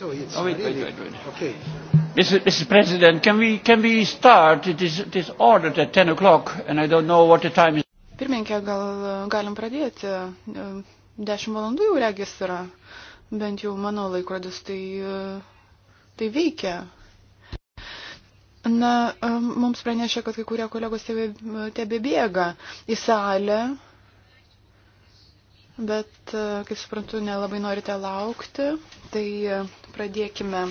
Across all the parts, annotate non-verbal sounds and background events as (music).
So it's oh, wait, wait, wait, wait. Okay. Mr. Mr. President, can we, can we start? It is, it is ordered at 10 o'clock and I don't know what the time is. Pirmininkė, gal uh, galim pradėti? 10 uh, valandų jau regis yra, bent jau mano laikrodis, tai, uh, tai veikia. Na, um, mums pranešė, kad kai kurie kolegos tebe, tebe bėga į salę, bet, e, kaip suprantu, nelabai norite laukti, tai e, pradėkime.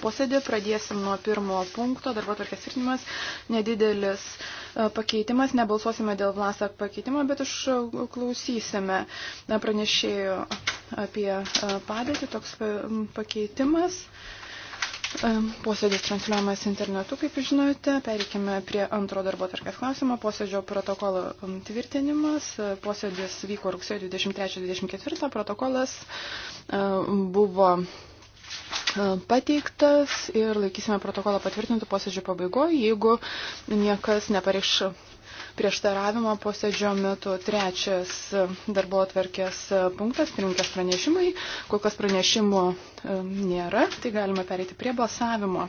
Posėdį pradėsim nuo pirmo punkto, darbo tvarkės tvirtinimas, nedidelis e, pakeitimas, nebalsuosime dėl Vlasak pakeitimo, bet išklausysime pranešėjų apie padėtį, toks pakeitimas. E, posėdis transliuojamas internetu, kaip žinote. Pereikime prie antro darbo tarkės klausimo. Posėdžio protokolo um, tvirtinimas. E, posėdis vyko rugsėjo 23-24. Protokolas e, buvo pateiktas ir laikysime protokolą patvirtintų posėdžio pabaigoje, jeigu niekas nepareikš prieštaravimą posėdžio metu. Trečias darbo atverkės punktas, pirminkės pranešimai. Kol kas pranešimų e, nėra, tai galima pereiti prie balsavimo.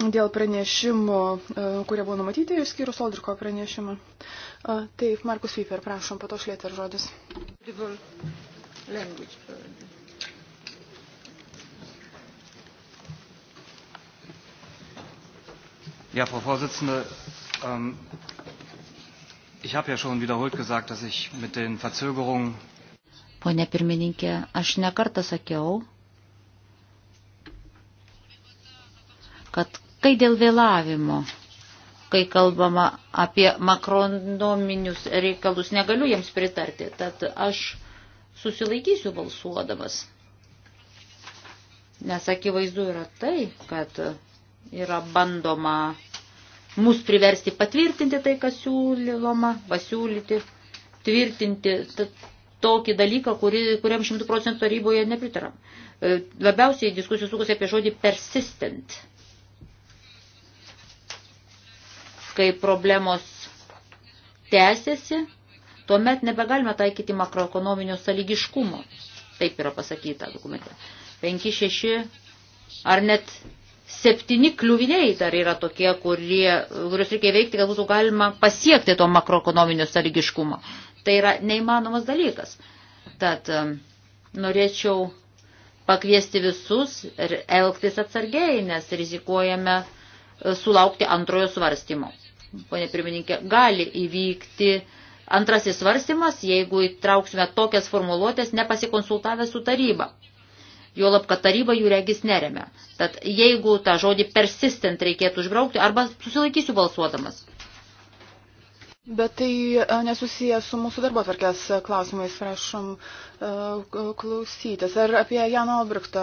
Dėl pranešimų, e, kurie buvo numatyti, išskyrus Oldriko pranešimą. E, taip, Markus Viper, prašom, patošlėti ir žodis. Language. Ja, Frau Vorsitzende, ähm, ich habe ja schon wiederholt gesagt, dass ich mit den Verzögerungen. Pone pirmininkė, aš nekartą sakiau, kad kai dėl vėlavimo, kai kalbama apie makronominius reikalus, negaliu jiems pritarti, tad aš susilaikysiu balsuodamas. Nes akivaizdu yra tai, kad yra bandoma mus priversti patvirtinti tai, kas siūloma, pasiūlyti, tvirtinti tokį dalyką, kuri, kuriam 100 procentų taryboje nepritaram. E, labiausiai diskusijų sukasi apie žodį persistent, kai problemos tęsiasi, tuomet nebegalime taikyti makroekonominio saligiškumo. Taip yra pasakyta dokumente. 5, 6 ar net septyni kliuviniai dar yra tokie, kurie, kuriuos reikia veikti, kad būtų galima pasiekti to makroekonominio sąlygiškumo. Tai yra neįmanomas dalykas. Tad norėčiau pakviesti visus ir elgtis atsargiai, nes rizikuojame e, sulaukti antrojo svarstymo. Pone pirmininkė, gali įvykti antrasis svarstymas, jeigu įtrauksime tokias formuluotės nepasikonsultavę su taryba juolab, kad taryba jų regis neremia. Tad jeigu tą žodį persistent reikėtų užbraukti, arba susilaikysiu balsuodamas. Bet tai e, nesusiję su mūsų darbo tvarkės e, klausimais, prašom e, klausytis. Ar apie Jano Albrikto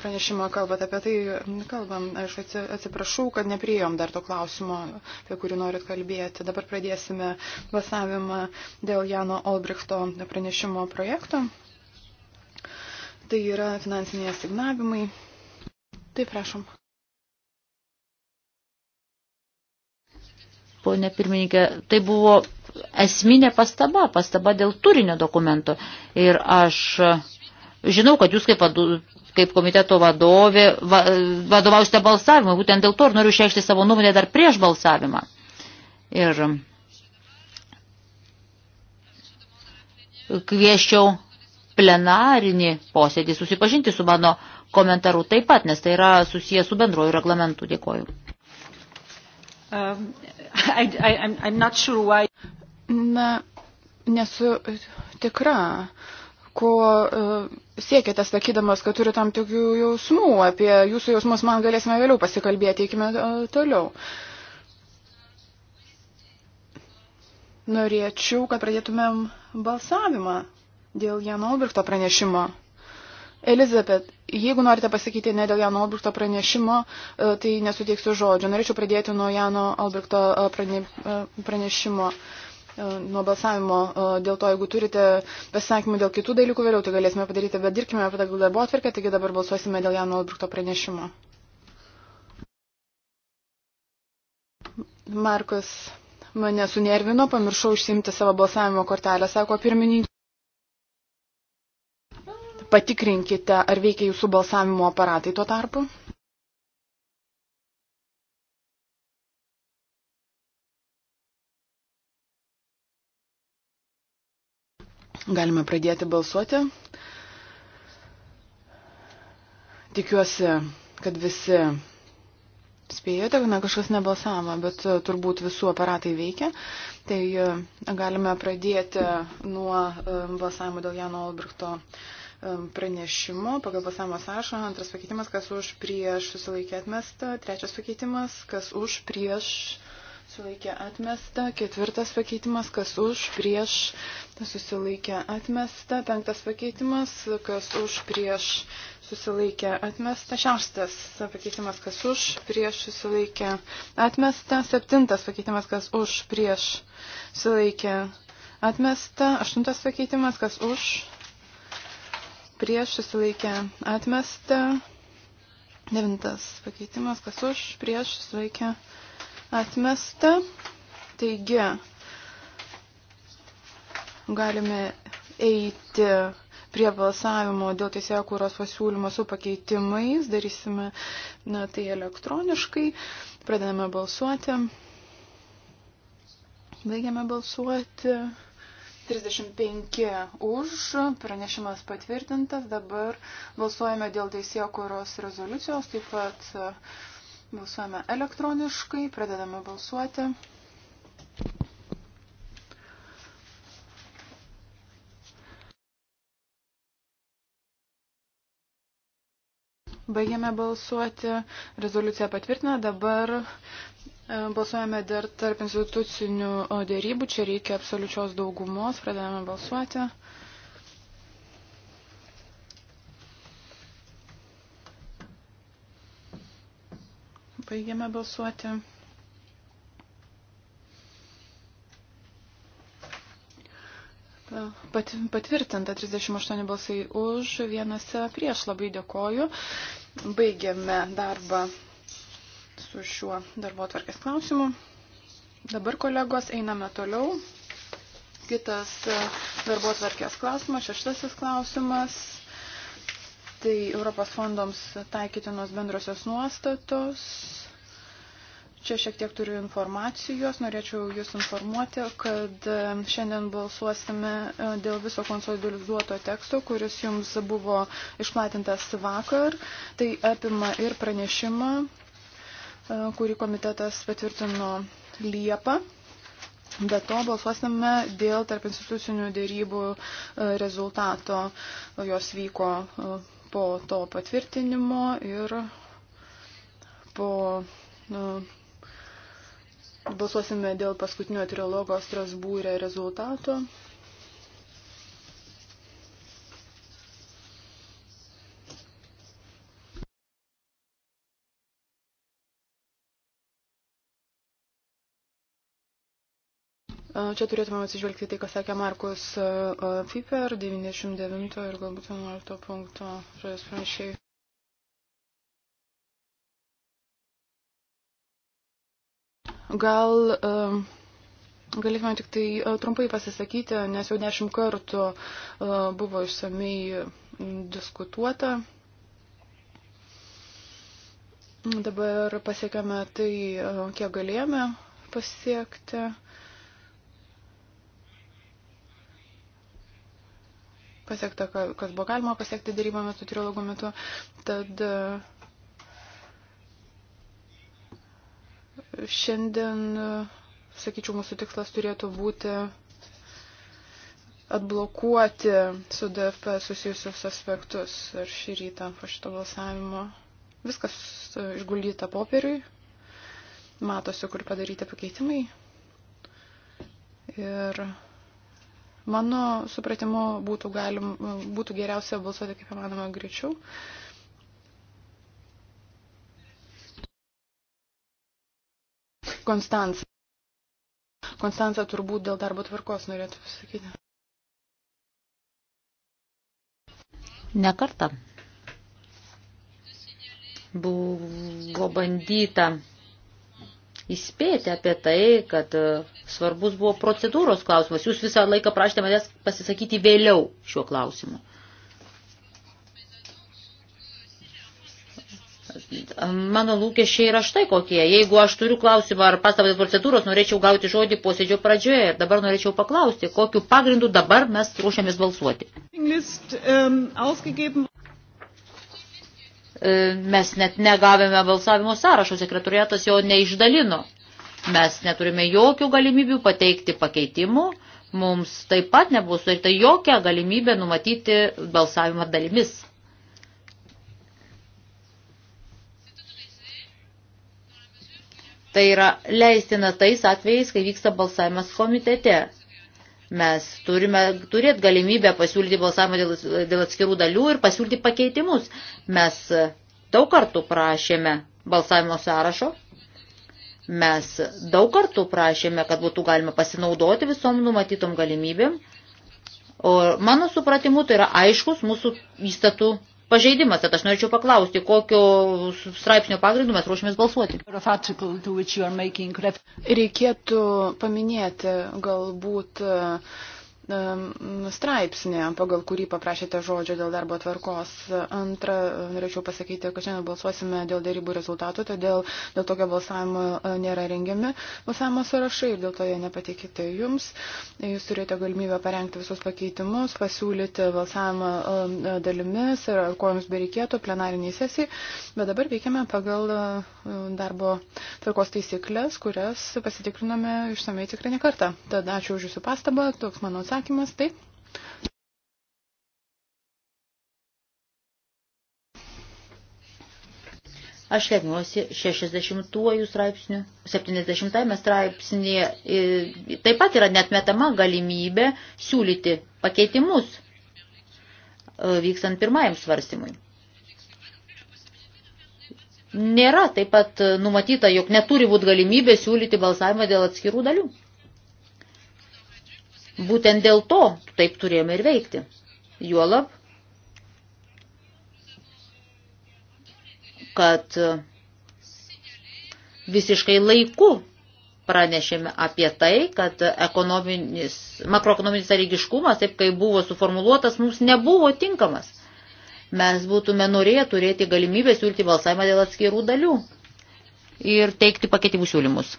pranešimą kalbate, apie tai kalbam. Aš atsiprašau, kad neprijom dar to klausimo, apie kurį norit kalbėti. Dabar pradėsime basavimą dėl Jano Albrikto pranešimo projekto. Tai yra finansiniai asignavimai. Taip, prašom. Pone pirmininkė, tai buvo esminė pastaba, pastaba dėl turinio dokumento. Ir aš žinau, kad jūs kaip, kaip komiteto vadovė va, vadovausite balsavimą, būtent dėl to ir noriu išreikšti savo nuomonę dar prieš balsavimą. Ir kvieščiau plenarinį posėdį susipažinti su mano komentaru taip pat, nes tai yra susijęs su bendroju reglamentu. Dėkoju. Um, I, I, I'm, I'm sure why... Na, nesu tikra, ko uh, siekite, sakydamas, kad turiu tam tikrų jausmų. Apie jūsų jausmus man galėsime vėliau pasikalbėti, eikime uh, toliau. Norėčiau, kad pradėtumėm balsavimą. Dėl Jano Olbrichto pranešimo. Elizabet, jeigu norite pasakyti ne dėl Jano Albrechto pranešimo, e, tai nesuteiksiu žodžio. Norėčiau pradėti nuo Jano Albrechto e, prane, e, pranešimo, nuo balsavimo. Dėl to, jeigu turite pasakymų dėl kitų dalykų vėliau, tai galėsime padaryti, bet dirbkime apie tą darbo atvirkę, taigi dabar balsuosime dėl Jano Albrechto pranešimo. Markus mane sunervino, pamiršau užsimti savo balsavimo kortelę, sako pirmininkė patikrinkite, ar veikia jūsų balsavimo aparatai tuo tarpu. Galime pradėti balsuoti. Tikiuosi, kad visi spėjote, na kažkas nebalsavo, bet e, turbūt visų aparatai veikia. Tai e, galime pradėti nuo e, balsavimo dėl Jano Albrechto Um, pranešimu pagal balsavimo sąrašą. Antras pakeitimas, kas už prieš susilaikė atmesta. Trečias pakeitimas, kas už prieš susilaikė atmesta. Ketvirtas pakeitimas, kas už prieš susilaikė atmesta. Penktas pakeitimas, kas už prieš susilaikė atmesta. Šeštas pakeitimas, kas už prieš susilaikė atmesta. Septintas pakeitimas, kas už prieš susilaikė atmesta. Aštuntas pakeitimas, kas už prieš susilaikė atmesta. Devintas pakeitimas, kas už, prieš susilaikė atmesta. Taigi, galime eiti prie balsavimo dėl teisėjo kūros pasiūlymo su pakeitimais. Darysime na, tai elektroniškai. Pradedame balsuoti. Baigiame balsuoti. 35 už, pranešimas patvirtintas, dabar balsuojame dėl teisėjo kuros rezoliucijos, taip pat e, balsuojame elektroniškai, pradedame balsuoti. Baigėme balsuoti, rezoliuciją patvirtina, dabar E, balsuojame dar tarp institucinių dėrybų. Čia reikia absoliučios daugumos. Pradedame balsuoti. Baigiame balsuoti. E, Pat, patvirtinta 38 balsai už, vienas prieš. Labai dėkoju. Baigiame darbą su šiuo darbo atvarkės klausimu. Dabar, kolegos, einame toliau. Kitas e, darbo atvarkės klausimas, šeštasis klausimas. Tai Europos fondoms taikytinos bendrosios nuostatos. Čia šiek tiek turiu informacijos, norėčiau Jūs informuoti, kad e, šiandien balsuosime e, dėl viso konsoliduoto teksto, kuris Jums buvo išplatintas vakar. Tai apima ir pranešimą E, kurį komitetas patvirtino Liepą. Be to balsuosime dėl tarp institucinių dėrybų e, rezultato. Jos vyko e, po to patvirtinimo ir po balsuosime dėl paskutinio trilogo Strasbūrė rezultato. Čia turėtume atsižvelgti tai, kas sakė Markus Piper, 99 ir galbūt 11 punkto žodis panašiai. Gal galėtume tik tai trumpai pasisakyti, nes jau dešimt kartų buvo išsamei diskutuota. Dabar pasiekėme tai, kiek galėjome pasiekti. pasiekta, kas buvo galima pasiekti darybą metu, trilogų metu. Tad e, šiandien, e, sakyčiau, mūsų tikslas turėtų būti atblokuoti su DFP susijusius aspektus ir šį rytą po šito balsavimo. Viskas e, išguldyta popieriui, matosi, kur padaryti pakeitimai. Ir Mano supratimu būtų, galim, būtų geriausia balsuoti kaip įmanoma greičiau. Konstanca. Konstanca turbūt dėl darbo tvarkos norėtų pasakyti. Nekartą buvo bandyta įspėti apie tai, kad e, svarbus buvo procedūros klausimas. Jūs visą laiką prašėte manęs pasisakyti vėliau šiuo klausimu. Mano lūkesčiai yra štai kokie. Jeigu aš turiu klausimą ar pastabą procedūros, norėčiau gauti žodį posėdžio pradžioje ir dabar norėčiau paklausti, kokiu pagrindu dabar mes ruošiamės balsuoti. List, um, E, mes net negavome balsavimo sąrašo, sekretoriatas jo neišdalino. Mes neturime jokių galimybių pateikti pakeitimų, mums taip pat nebus sudaryta jokia galimybė numatyti balsavimą dalimis. Tai yra leistina tais atvejais, kai vyksta balsavimas komitete. Mes turime turėti galimybę pasiūlyti balsavimą dėl, dėl atskirų dalių ir pasiūlyti pakeitimus. Mes daug kartų prašėme balsavimo sąrašo. Mes daug kartų prašėme, kad būtų galima pasinaudoti visom numatytom galimybėm. O mano supratimu, tai yra aiškus mūsų įstatų pažeidimas. Tad aš norėčiau paklausti, kokio straipsnio pagrindu mes ruošimės balsuoti. Reikėtų paminėti galbūt straipsnį, pagal kurį paprašėte žodžio dėl darbo tvarkos. Antra, norėčiau pasakyti, kad šiandien balsuosime dėl dėrybų rezultatų, todėl dėl tokio balsavimo e, nėra rengiami balsavimo sąrašai ir dėl to jie nepatikite jums. Jūs turite galimybę parengti visus pakeitimus, pasiūlyti balsavimą e, dalimis ir ar ko jums bereikėtų plenariniai sesijai, bet dabar veikiame pagal e, darbo tvarkos taisyklės, kurias pasitikriname išsamei tikrai ne kartą. Tad ačiū už jūsų pastabą, toks mano atsakymas atsakymas, taip? Aš remiuosi 60-ųjų straipsnių, 70-ame straipsnėje e, taip pat yra netmetama galimybė siūlyti pakeitimus e, vykstant pirmajam svarstymui. Nėra taip pat numatyta, jog neturi būti galimybė siūlyti balsavimą dėl atskirų dalių. Būtent dėl to taip turėjome ir veikti. Juolab, kad e, visiškai laiku pranešėme apie tai, kad ekonominis, makroekonominis sąlygiškumas, taip kaip buvo suformuluotas, mums nebuvo tinkamas. Mes būtume norėję turėti galimybę siūlyti balsavimą dėl atskirų dalių ir teikti pakeitimų siūlymus.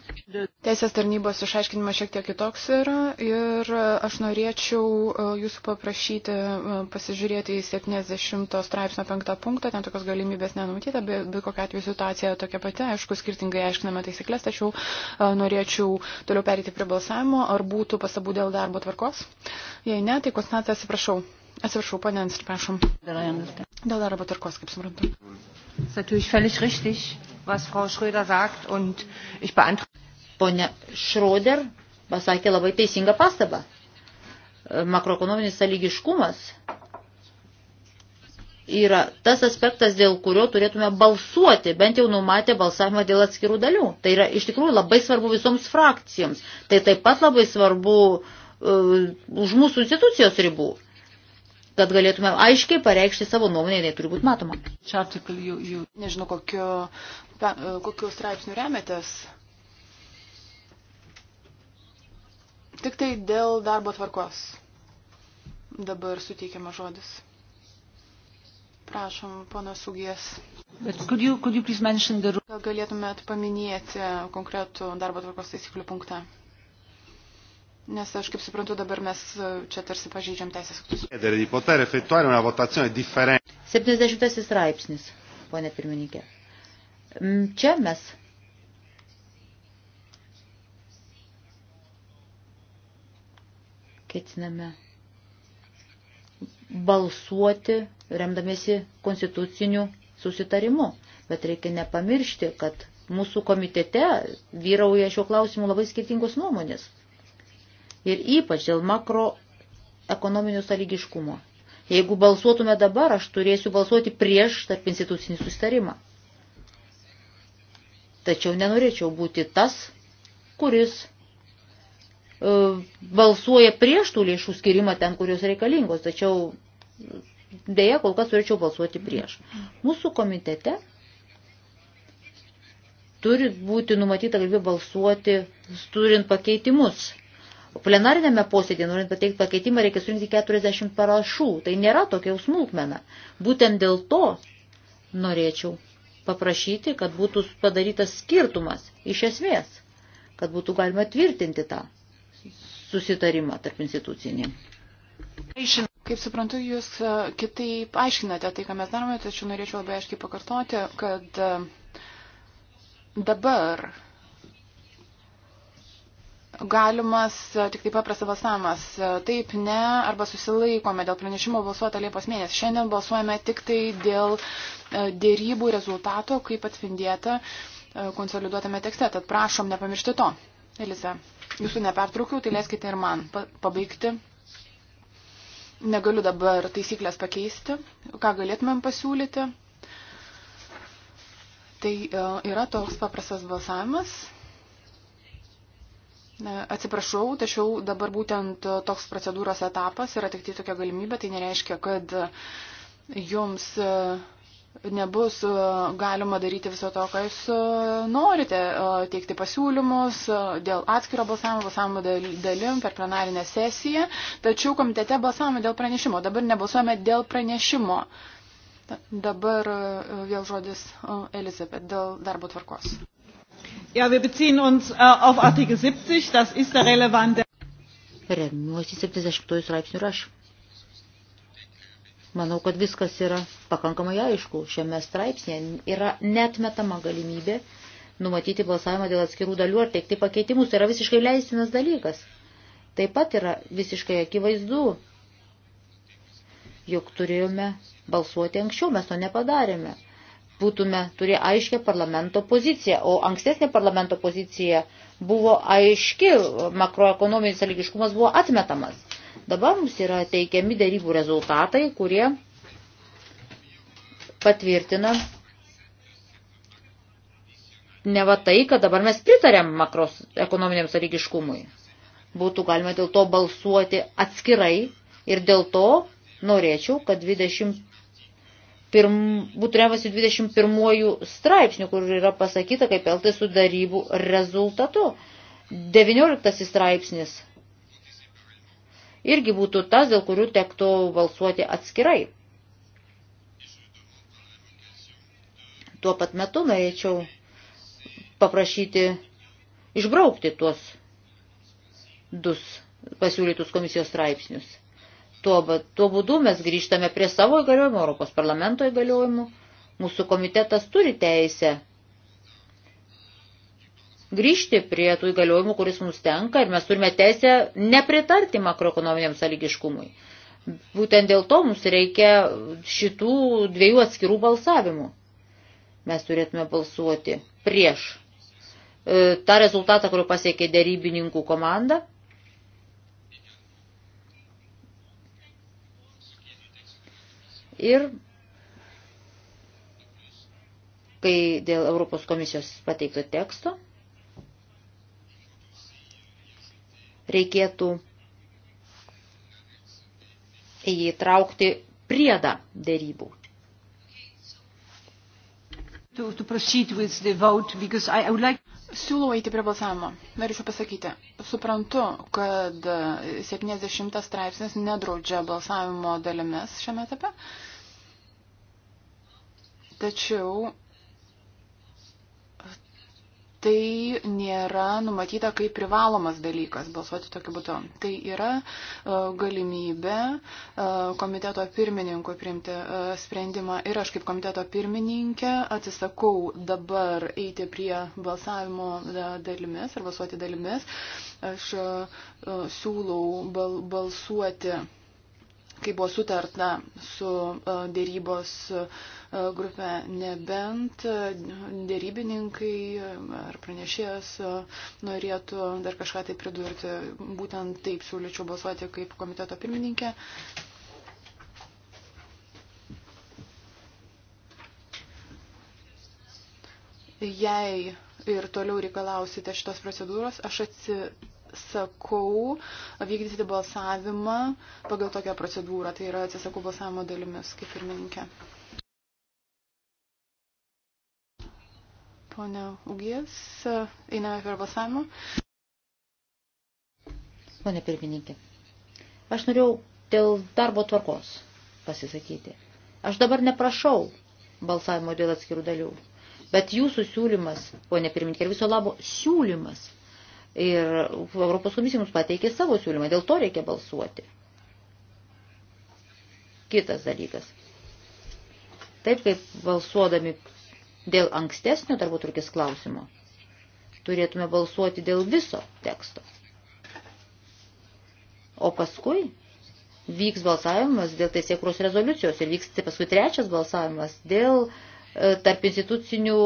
Teisės tarnybos išaiškinimas šiek tiek kitoks yra ir aš norėčiau e, jūsų paprašyti e, pasižiūrėti į 70 straipsnio 5 punktą, ten tokios galimybės nenumatyta, bet, bet kokia atveju situacija tokia pati, aišku, skirtingai aiškiname taisyklės, tačiau e, norėčiau toliau perėti prie balsavimo, ar būtų pasabų dėl darbo tvarkos. Jei ne, tai Konstantas, atsiprašau. Atsiprašau, pane Anstri, prašom. Dėl darbo tvarkos, kaip suprantu was Frau Schröder sagt und ich beantworte. Pone Schröder pasakė labai teisingą pastabą. Makroekonominis sąlygiškumas yra tas aspektas, dėl kurio turėtume balsuoti, bent jau numatė balsavimą dėl atskirų dalių. Tai yra iš tikrųjų labai svarbu visoms frakcijoms. Tai taip pat labai svarbu uh, už mūsų institucijos ribų kad galėtume aiškiai pareikšti savo nuomonę, jinai turi būti matoma. Čia artikl, jų, jų, nežinau, kokio, e, kokio straipsnių remiatės. Tik tai dėl darbo tvarkos. Dabar suteikiama žodis. Prašom, ponas Sugijas. Bet could you, could you please mention the... Galėtumėt paminėti konkretų darbo tvarkos taisyklių punktą. Nes aš kaip suprantu, dabar mes e, čia tarsi pažeidžiam teisės aktus. 70 straipsnis, ponė pirmininkė. Mm, čia mes. Ketiname balsuoti remdamėsi konstituciniu susitarimu. Bet reikia nepamiršti, kad mūsų komitete vyrauja šiuo klausimu labai skirtingos nuomonės ir ypač dėl makroekonominio sąlygiškumo. Jeigu balsuotume dabar, aš turėsiu balsuoti prieš tarp institucinį sustarimą. Tačiau nenorėčiau būti tas, kuris e, balsuoja prieš tų lėšų skirimą ten, kurios reikalingos. Tačiau dėja, kol kas turėčiau balsuoti prieš. Mūsų komitete turi būti numatyta galimybė balsuoti, turint pakeitimus plenarinėme posėdėje, norint pateikti pakeitimą, reikia surinkti 40 parašų. Tai nėra tokia smulkmena. Būtent dėl to norėčiau paprašyti, kad būtų padarytas skirtumas iš esmės, kad būtų galima tvirtinti tą susitarimą tarp institucinį. Kaip suprantu, jūs e, kitaip aiškinate tai, ką mes darome, tačiau norėčiau labai aiškiai pakartoti, kad e, dabar galimas e, tik taip paprastas balsavimas. E, taip, ne, arba susilaikome dėl pranešimo balsuota Liepos mėnesį. Šiandien balsuojame tik tai dėl e, dėrybų rezultato, kaip atspindėta konsoliduotame tekste. Tad prašom nepamiršti to. Elisa, jūsų nepertraukiau, tai leiskite ir man pabaigti. Negaliu dabar taisyklės pakeisti. Ką galėtumėm pasiūlyti? Tai yra toks paprastas balsavimas. E, atsiprašau, tačiau dabar būtent toks procedūros etapas yra tik tai tokia galimybė, tai nereiškia, kad jums e, nebus e, galima daryti viso to, ką jūs norite, teikti pasiūlymus dėl atskiro balsavimo, balsavimo dalim per plenarinę sesiją, tačiau komitete balsavome dėl pranešimo, dabar nebalsuojame dėl pranešimo. Dabar vėl žodis Elizabet dėl darbo tvarkos. Ja, wir beziehen uns äh, auf Artikel 70, das ist der relevante. Remiuosi 70 straipsnių ir aš. Manau, kad viskas yra pakankamai aišku. Šiame straipsnėje yra netmetama galimybė numatyti balsavimą dėl atskirų dalių ar teikti pakeitimus. Tai yra visiškai leistinas dalykas. Taip pat yra visiškai akivaizdu, jog turėjome balsuoti anksčiau, mes to nepadarėme būtume turėję aiškę parlamento poziciją, o ankstesnė parlamento pozicija buvo aiški, makroekonominis sąlygiškumas buvo atmetamas. Dabar mums yra teikiami darybų rezultatai, kurie patvirtina ne va tai, kad dabar mes pritarėm makros ekonominiam sąlygiškumui. Būtų galima dėl to balsuoti atskirai ir dėl to norėčiau, kad 20 pirm, būtų remiasi 21 straipsnių, kur yra pasakyta, kaip elgtis su darybų rezultatu. 19 straipsnis irgi būtų tas, dėl kurių tektų balsuoti atskirai. Tuo pat metu norėčiau paprašyti išbraukti tuos dus pasiūlytus komisijos straipsnius. Tuo, tuo būdu mes grįžtame prie savo įgaliojimų, Europos parlamento įgaliojimų. Mūsų komitetas turi teisę grįžti prie tų įgaliojimų, kuris mums tenka ir mes turime teisę nepritarti makroekonominiam sąlygiškumui. Būtent dėl to mums reikia šitų dviejų atskirų balsavimų. Mes turėtume balsuoti prieš e, tą rezultatą, kurį pasiekė dėrybininkų komanda Ir kai dėl Europos komisijos pateikto teksto reikėtų įtraukti priedą dėrybų. To, to proceed with the vote, because I, I would like siūlau eiti prie balsavimo. Norėčiau pasakyti, suprantu, kad 70 straipsnis nedraudžia balsavimo dalimis šiame etape. Uh, Tačiau tai nėra numatyta kaip privalomas dalykas balsuoti tokiu būdu. Tai yra e, galimybė e, komiteto pirmininkui priimti e, sprendimą ir aš kaip komiteto pirmininkė atsisakau dabar eiti prie balsavimo dalimis ar balsuoti dalimis. Aš siūlau bal balsuoti kai buvo sutarta su e, dėrybos e, grupė, nebent e, dėrybininkai ar pranešėjas norėtų dar kažką tai pridurti. Būtent taip siūlyčiau balsuoti kaip komiteto pirmininkė. Jei ir toliau reikalausite šitos procedūros, aš atsitikau atsisakau vykdyti balsavimą pagal tokią procedūrą. Tai yra atsisakau balsavimo dalimis, kaip pirmininkė. Pone Ugies, einame per balsavimą. Pone pirmininkė, aš norėjau dėl darbo tvarkos pasisakyti. Aš dabar neprašau balsavimo dėl atskirų dalių, bet jūsų siūlymas, ponė pirmininkė, ir viso labo siūlymas Ir Europos komisija mums pateikė savo siūlymą, dėl to reikia balsuoti. Kitas dalykas. Taip kaip balsuodami dėl ankstesnio darbo turkis klausimo, turėtume balsuoti dėl viso teksto. O paskui vyks balsavimas dėl teisėkros rezoliucijos ir vyks tai paskui trečias balsavimas dėl e, tarp institucinių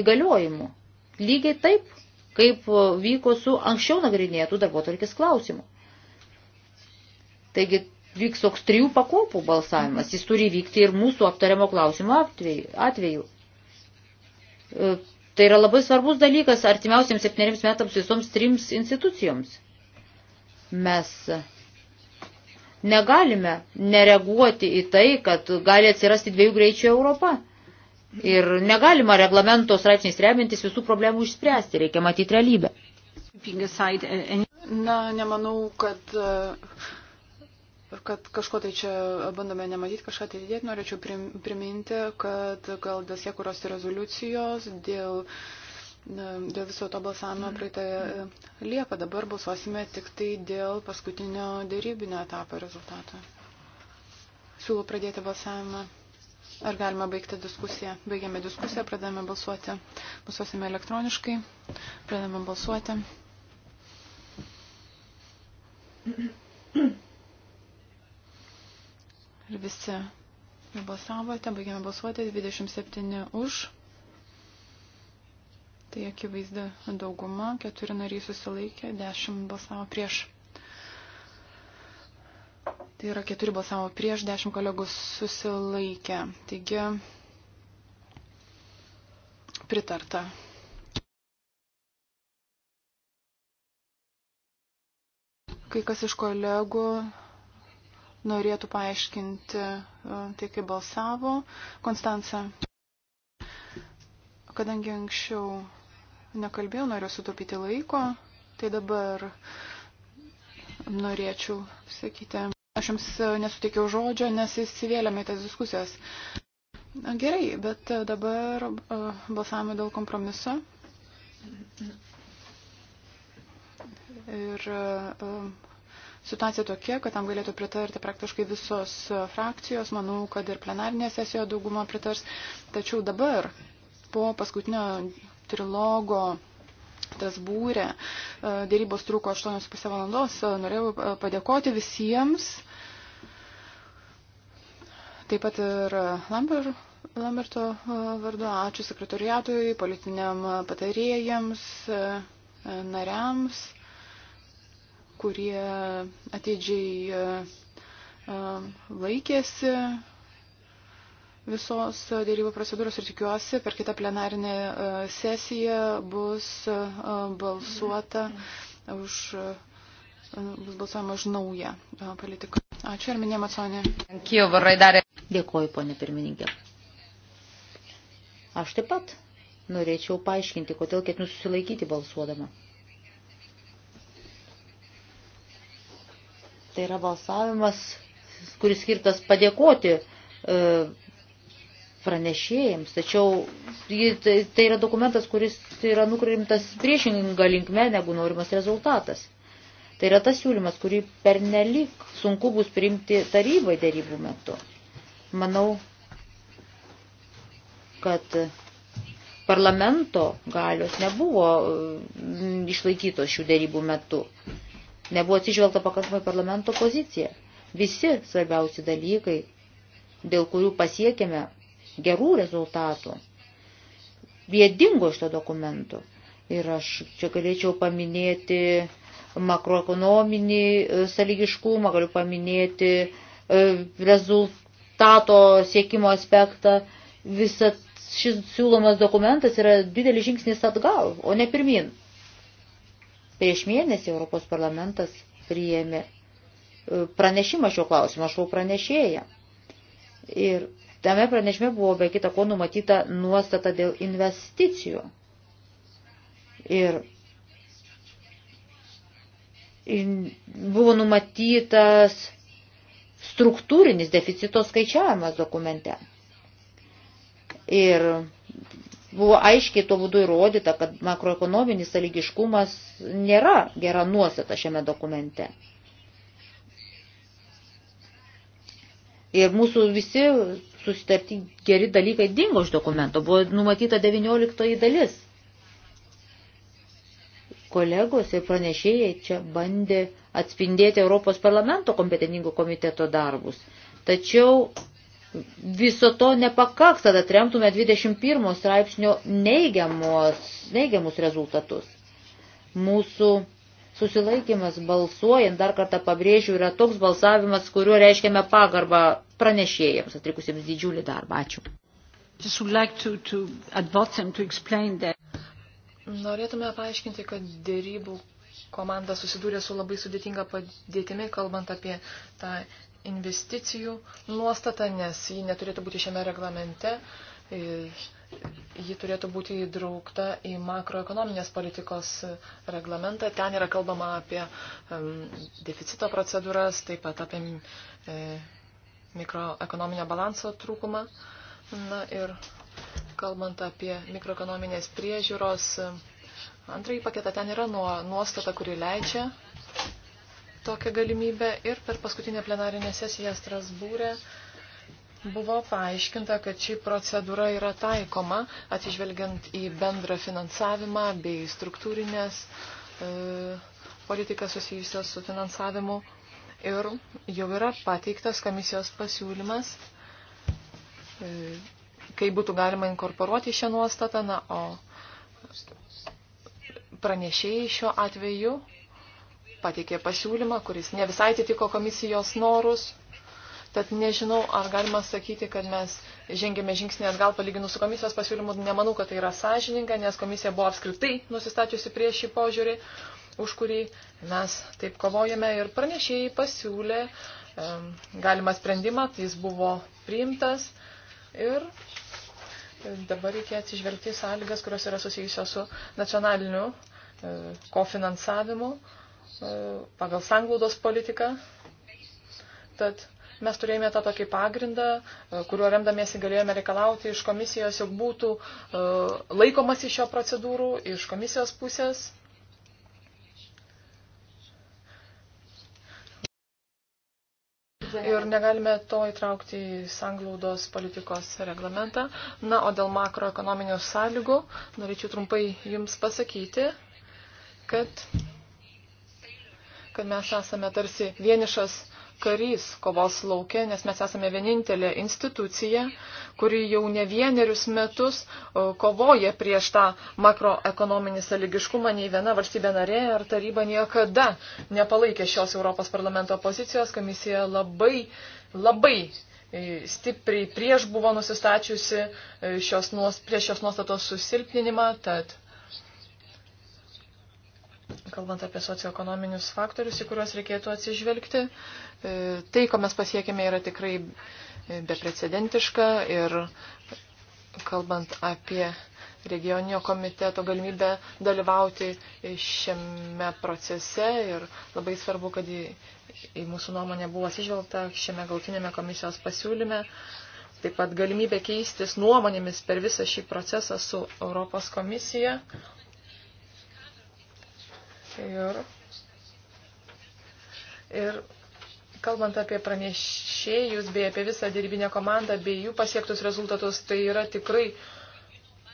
įgaliojimų. Lygiai taip kaip vyko su anksčiau nagrinėtų darbotvarkės klausimų. Taigi vyks toks trijų pakopų balsavimas. Jis turi vykti ir mūsų aptariamo klausimo atveju. E, tai yra labai svarbus dalykas artimiausiams septyneriems metams visoms trims institucijoms. Mes negalime nereaguoti į tai, kad gali atsirasti dviejų greičių Europą. Ir negalima reglamento straipsniais remintis visų problemų išspręsti, reikia matyti realybę. Na, nemanau, kad, kad kažko tai čia bandome nematyti, kažką tai didėti. Norėčiau priminti, kad gal dėl siekuros rezoliucijos, dėl, dėl viso to balsavimo praeitą Liepą dabar balsuosime tik tai dėl paskutinio dėrybinio etapo rezultato. Siūlau pradėti balsavimą. Ar galime baigti diskusiją? Baigiame diskusiją, pradėjome balsuoti. Balsuosime elektroniškai. Pradėjome balsuoti. Ir visi jau balsavote. Baigiame balsuoti. 27 už. Tai akivaizda dauguma. Keturi nariai susilaikė. 10 balsavo prieš. Tai yra keturi balsavo prieš, dešimt kolegų susilaikė. Taigi pritarta. Kai kas iš kolegų norėtų paaiškinti e, tai, kaip balsavo. Konstanca, kadangi anksčiau nekalbėjau, noriu sutaupyti laiko, tai dabar norėčiau sakyti aš jums e, nesutikiau žodžio, nes įsivėlėme į tas diskusijas. Gerai, bet e, dabar e, balsavome dėl kompromiso. Ir situacija tokia, kad tam galėtų pritarti praktiškai visos frakcijos. Manau, kad ir plenarinė sesijoje dauguma pritars. Tačiau dabar, po paskutinio trilogo Strasbūrė, dėrybos truko 8,5 valandos, norėjau padėkoti visiems Taip pat ir Lambert, Lamberto e, vardu ačiū sekretoriatui, politiniam patarėjams, e, e, nariams, kurie ateidžiai laikėsi visos dėrybų procedūros ir tikiuosi, per kitą plenarinę sesiją bus balsuota už bus balsuojama už naują politiką. Ačiū ir minėjom atsonė. Dėkoju, ponė pirmininkė. Aš taip pat norėčiau paaiškinti, kodėl ketinu susilaikyti balsuodama. Tai yra balsavimas, kuris skirtas padėkoti e, pranešėjams, tačiau tai, tai yra dokumentas, kuris yra nukrimtas priešingą linkme negu norimas rezultatas. Tai yra tas siūlymas, kurį pernelik sunku bus priimti tarybai dėrybų metu. Manau, kad parlamento galios nebuvo mm, išlaikytos šių dėrybų metu. Nebuvo atsižvelgta pakankamai parlamento pozicija. Visi svarbiausi dalykai, dėl kurių pasiekėme gerų rezultatų, jie dingo iš to dokumento. Ir aš čia galėčiau paminėti makroekonominį e, sąlygiškumą, galiu paminėti e, rezult, stato siekimo aspektą, visas šis siūlomas dokumentas yra didelis žingsnis atgal, o ne pirmin. Prieš mėnesį Europos parlamentas priėmė e, pranešimą šio klausimo, aš buvau pranešėja. Ir tame pranešime buvo be kita ko numatyta nuostata dėl investicijų. Ir buvo numatytas struktūrinis deficito skaičiavimas dokumente. Ir buvo aiškiai tuo būdu įrodyta, kad makroekonominis sąlygiškumas nėra gera nuostata šiame dokumente. Ir mūsų visi susitarti geri dalykai dingo iš dokumento. Buvo numatyta 19 dalis. Kolegos ir pranešėjai čia bandė atspindėti Europos parlamento kompetentingų komiteto darbus. Tačiau viso to nepakaks, tada atremtume 21 straipsnio neigiamos, neigiamus rezultatus. Mūsų susilaikimas balsuojant, dar kartą pabrėžiu, yra toks balsavimas, kuriuo reiškiame pagarbą pranešėjams, atlikusiems didžiulį darbą. Ačiū. Like to, to Norėtume paaiškinti, kad dėrybų komanda susidūrė su labai sudėtinga padėtimi, kalbant apie tą investicijų nuostatą, nes ji neturėtų būti šiame reglamente. Ji turėtų būti įtraukta į makroekonominės politikos reglamentą. Ten yra kalbama apie um, deficito procedūras, taip pat apie e, mikroekonominio balanso trūkumą. Na ir kalbant apie mikroekonominės priežiūros. E, antrąjį paketą ten yra nuo nuostata, kuri leidžia tokią galimybę ir per paskutinę plenarinę sesiją Strasbūrė buvo paaiškinta, kad ši procedūra yra taikoma atsižvelgiant į bendrą finansavimą bei struktūrinės e, politikas susijusios su finansavimu ir jau yra pateiktas komisijos pasiūlymas, e, kai būtų galima inkorporuoti šią nuostatą, na, o pranešėjai šiuo atveju pateikė pasiūlymą, kuris ne visai atitiko komisijos norus. Tad nežinau, ar galima sakyti, kad mes žengėme žingsnį atgal palyginus su komisijos pasiūlymu. Nemanau, kad tai yra sąžininga, nes komisija buvo apskritai nusistačiusi prieš šį požiūrį, už kurį mes taip kovojame ir pranešėjai pasiūlė um, galimą sprendimą, tai jis buvo priimtas ir dabar reikia atsižvelgti sąlygas, kurios yra susijusios su nacionaliniu E, kofinansavimu e, pagal sanglaudos politiką. Tad mes turėjome tą tokį pagrindą, e, kuriuo remdamiesi galėjome reikalauti iš komisijos, jog būtų laikomasi šio procedūrų iš komisijos pusės. ir negalime to įtraukti į sanglaudos politikos reglamentą. Na, o dėl makroekonominių sąlygų norėčiau trumpai Jums pasakyti, kad, kad mes esame tarsi vienišas karys kovos laukia, nes mes esame vienintelė institucija, kuri jau ne vienerius metus kovoja prieš tą makroekonominį saligiškumą. Nei viena valstybė narė ar taryba niekada nepalaikė šios Europos parlamento pozicijos. Komisija labai, labai e, stipriai prieš buvo nusistačiusi e, šios nuos, prieš šios nuostatos susilpninimą, tad kalbant apie socioekonominius faktorius, į kuriuos reikėtų atsižvelgti. E, tai, ko mes pasiekėme, yra tikrai e, beprecedentiška ir kalbant apie regioninio komiteto galimybę dalyvauti šiame procese ir labai svarbu, kad į, į mūsų nuomonę buvo atsižvelgta šiame galtinėme komisijos pasiūlyme. Taip pat galimybė keistis nuomonėmis per visą šį procesą su Europos komisija. Ir, ir kalbant apie pranešėjus, bei apie visą dirbinę komandą, bei jų pasiektus rezultatus, tai yra tikrai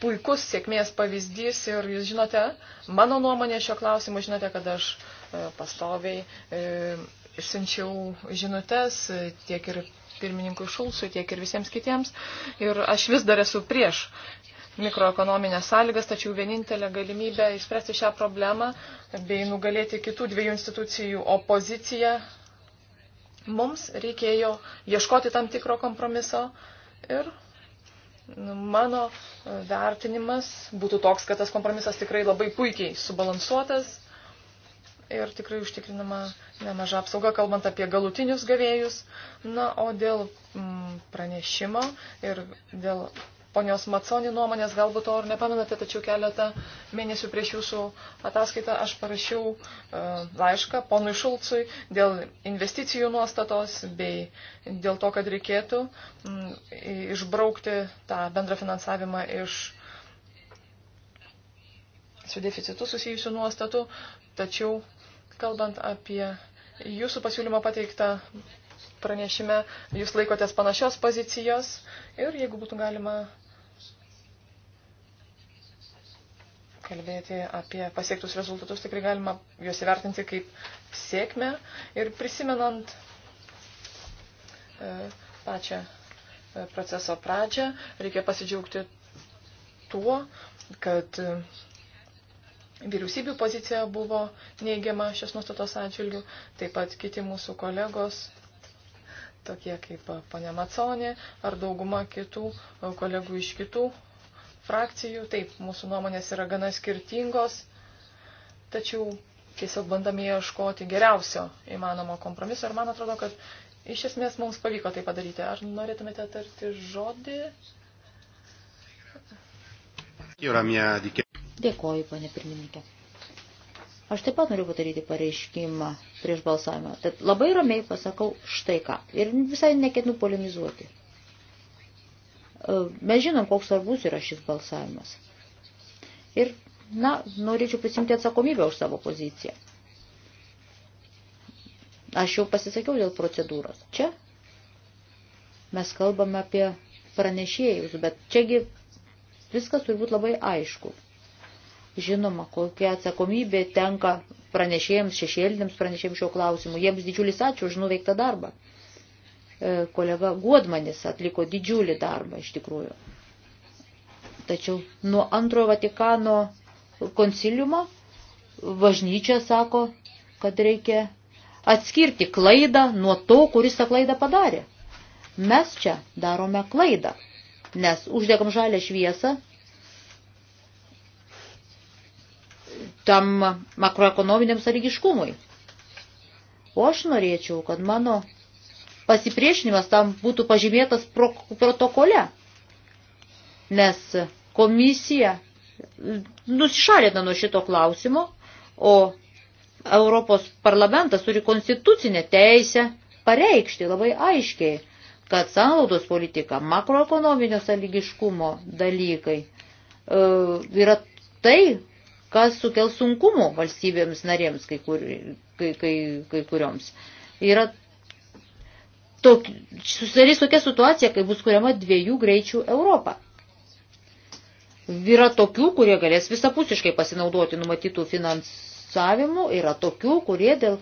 puikus sėkmės pavyzdys ir jūs žinote, mano nuomonė šio klausimu, žinote, kad aš e, pastoviai e, siunčiau žinutes e, tiek ir pirmininkui Šulsui, tiek ir visiems kitiems. Ir aš vis dar esu prieš mikroekonominės sąlygas, tačiau vienintelė galimybė išspręsti šią problemą bei nugalėti kitų dviejų institucijų opoziciją mums reikėjo ieškoti tam tikro kompromiso ir mano vertinimas būtų toks, kad tas kompromisas tikrai labai puikiai subalansuotas ir tikrai užtikrinama nemaža apsauga, kalbant apie galutinius gavėjus. Na, o dėl mm, pranešimo ir dėl ponios Matsoni nuomonės, galbūt to ir nepamenate, tačiau keletą mėnesių prieš jūsų ataskaitą aš parašiau e, laišką ponui Šulcui dėl investicijų nuostatos bei dėl to, kad reikėtų išbraukti tą bendrą finansavimą iš su deficitu susijusių nuostatų, tačiau kalbant apie jūsų pasiūlymą pateiktą pranešime jūs laikotės panašios pozicijos ir jeigu būtų galima kalbėti apie pasiektus rezultatus, tikrai galima juos įvertinti kaip sėkmę ir prisimenant e, pačią e, proceso pradžią, reikia pasidžiaugti tuo, kad e, vyriausybių pozicija buvo neigiama šios nuostatos atžvilgių, taip pat kiti mūsų kolegos, tokie kaip ponia Maconė ar dauguma kitų kolegų iš kitų frakcijų. Taip, mūsų nuomonės yra gana skirtingos, tačiau tiesiog bandami ieškoti geriausio įmanomo kompromiso ir man atrodo, kad iš esmės mums pavyko tai padaryti. Ar norėtumėte tarti žodį? Dėkoju, ponė pirmininkė. Aš taip pat noriu padaryti pareiškimą prieš balsavimą. Tad labai ramiai pasakau štai ką. Ir visai neketinu polemizuoti. Mes žinom, koks svarbus yra šis balsavimas. Ir, na, norėčiau prisimti atsakomybę už savo poziciją. Aš jau pasisakiau dėl procedūros. Čia mes kalbame apie pranešėjus, bet čiagi viskas turi būti labai aišku. Žinoma, kokia atsakomybė tenka pranešėjams, šešėlinėms pranešėjams šio klausimu. Jiems didžiulis ačiū už nuveiktą darbą. E, kolega Guodmanis atliko didžiulį darbą iš tikrųjų. Tačiau nuo antrojo Vatikano konsiliumo važnyčia sako, kad reikia atskirti klaidą nuo to, kuris tą klaidą padarė. Mes čia darome klaidą, nes uždegam žalę šviesą tam makroekonominiam sąlygiškumui. O aš norėčiau, kad mano pasipriešinimas tam būtų pažymėtas pro, protokole. Nes komisija e, nusišalina nuo šito klausimo, o Europos parlamentas turi konstitucinę teisę pareikšti labai aiškiai, kad sąnaudos politika, makroekonominio sąlygiškumo dalykai e, yra tai, kas sukels sunkumų valstybėms narėms kai, kur, kai, kai, kai kurioms. Yra tok, susidarys tokia situacija, kai bus kuriama dviejų greičių Europą. Yra tokių, kurie galės visapusiškai pasinaudoti numatytų finansavimu, yra tokių, kurie dėl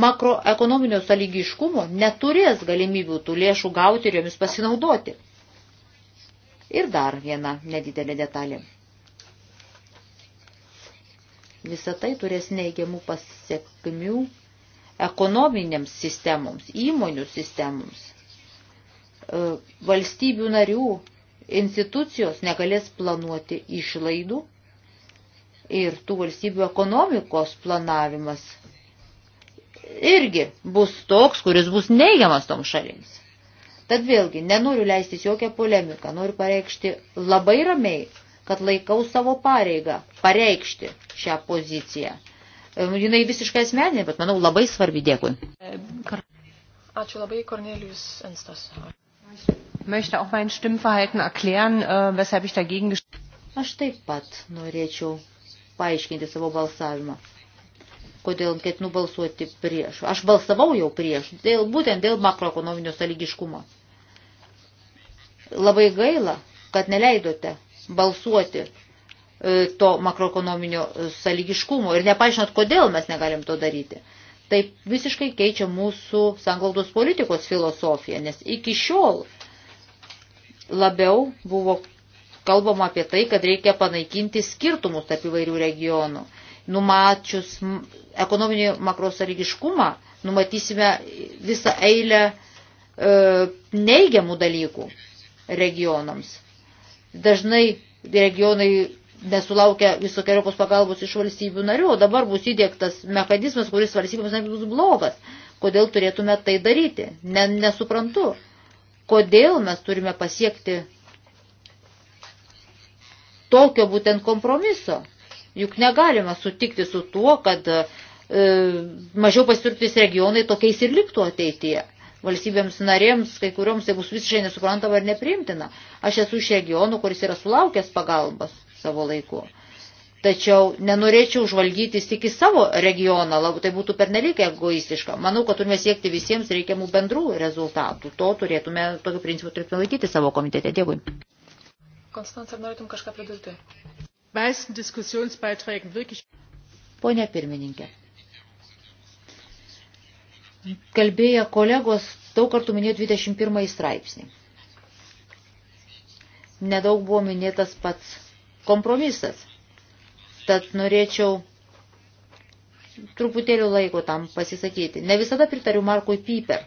makroekonominio sąlygiškumo neturės galimybių tų lėšų gauti ir jomis pasinaudoti. Ir dar viena nedidelė detalė. Visą tai turės neigiamų pasiekmių ekonominėms sistemoms, įmonių sistemoms. E, valstybių narių institucijos negalės planuoti išlaidų ir tų valstybių ekonomikos planavimas irgi bus toks, kuris bus neigiamas tom šalims. Tad vėlgi, nenoriu leistis jokią polemiką, noriu pareikšti labai ramiai, kad laikau savo pareigą pareikšti šią poziciją. Nu, jinai visiškai asmeninė, bet manau labai svarbi. Dėkui. Ačiū labai, Kornelijus Enstas. Möchte auch mein Stimmverhalten erklären, äh, weshalb ich dagegen gestimmt habe. Aš taip pat norėčiau paaiškinti savo balsavimą kodėl ketinu balsuoti prieš. Aš balsavau jau prieš, dėl, būtent dėl makroekonominio sąlygiškumo. Labai gaila, kad neleidote balsuoti E, to makroekonominio sąlygiškumo ir nepažinot, kodėl mes negalim to daryti. Tai visiškai keičia mūsų sanglaudos politikos filosofiją, nes iki šiol labiau buvo kalbama apie tai, kad reikia panaikinti skirtumus tarp įvairių regionų. Numačius ekonominį makrosąlygiškumą, numatysime visą eilę e, neigiamų dalykų regionams. Dažnai regionai nesulaukia visokiojopos pagalbos iš valstybių narių, o dabar bus įdėktas mechanizmas, kuris valstybėms bus blogas. Kodėl turėtume tai daryti? Ne, nesuprantu. Kodėl mes turime pasiekti tokio būtent kompromiso? Juk negalima sutikti su tuo, kad e, mažiau pasiturtis regionai tokiais ir liktų ateityje valstybėms narėms, kai kurioms tai bus visiškai nesuprantama ir nepriimtina. Aš esu iš regionų, kuris yra sulaukęs pagalbos savo laiku. Tačiau nenorėčiau žvalgytis tik į savo regioną, tai būtų pernelyg egoistiška. Manau, kad turime siekti visiems reikiamų bendrų rezultatų. To turėtume, tokiu principu turėtume laikyti savo komitete. Dėkui. Konstantin, ar norėtum kažką pridurti? Meisten Diskussionsbeiträgen wirklich. Pone pirmininkė. Kalbėję kolegos daug kartų minėjo 21 straipsnį. Nedaug buvo minėtas pats kompromisas. Tad norėčiau truputėlių laiko tam pasisakyti. Ne visada pritariu Markui Piper,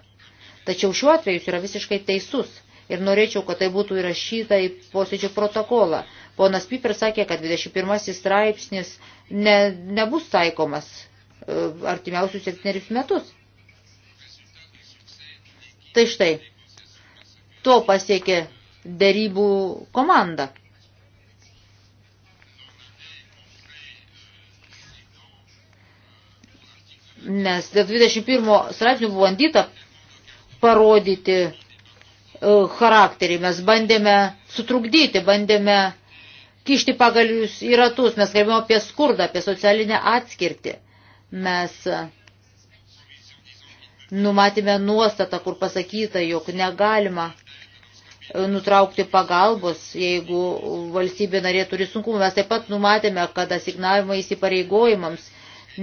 tačiau šiuo atveju jis yra visiškai teisus ir norėčiau, kad tai būtų įrašyta į posėdžio protokolą. Ponas Piper sakė, kad 21 straipsnis ne, nebus taikomas e, artimiausius septynerius metus. Tai štai, to pasiekė dėrybų komanda. nes dėl 21 straipsnių buvo bandyta parodyti e, charakterį. Mes bandėme sutrukdyti, bandėme kišti pagalius į ratus. Mes kalbėjome apie skurdą, apie socialinę atskirtį. Mes e, numatėme nuostatą, kur pasakyta, jog negalima e, nutraukti pagalbos, jeigu valstybė narė turi sunkumų. Mes taip pat numatėme, kad asignavimai įsipareigojimams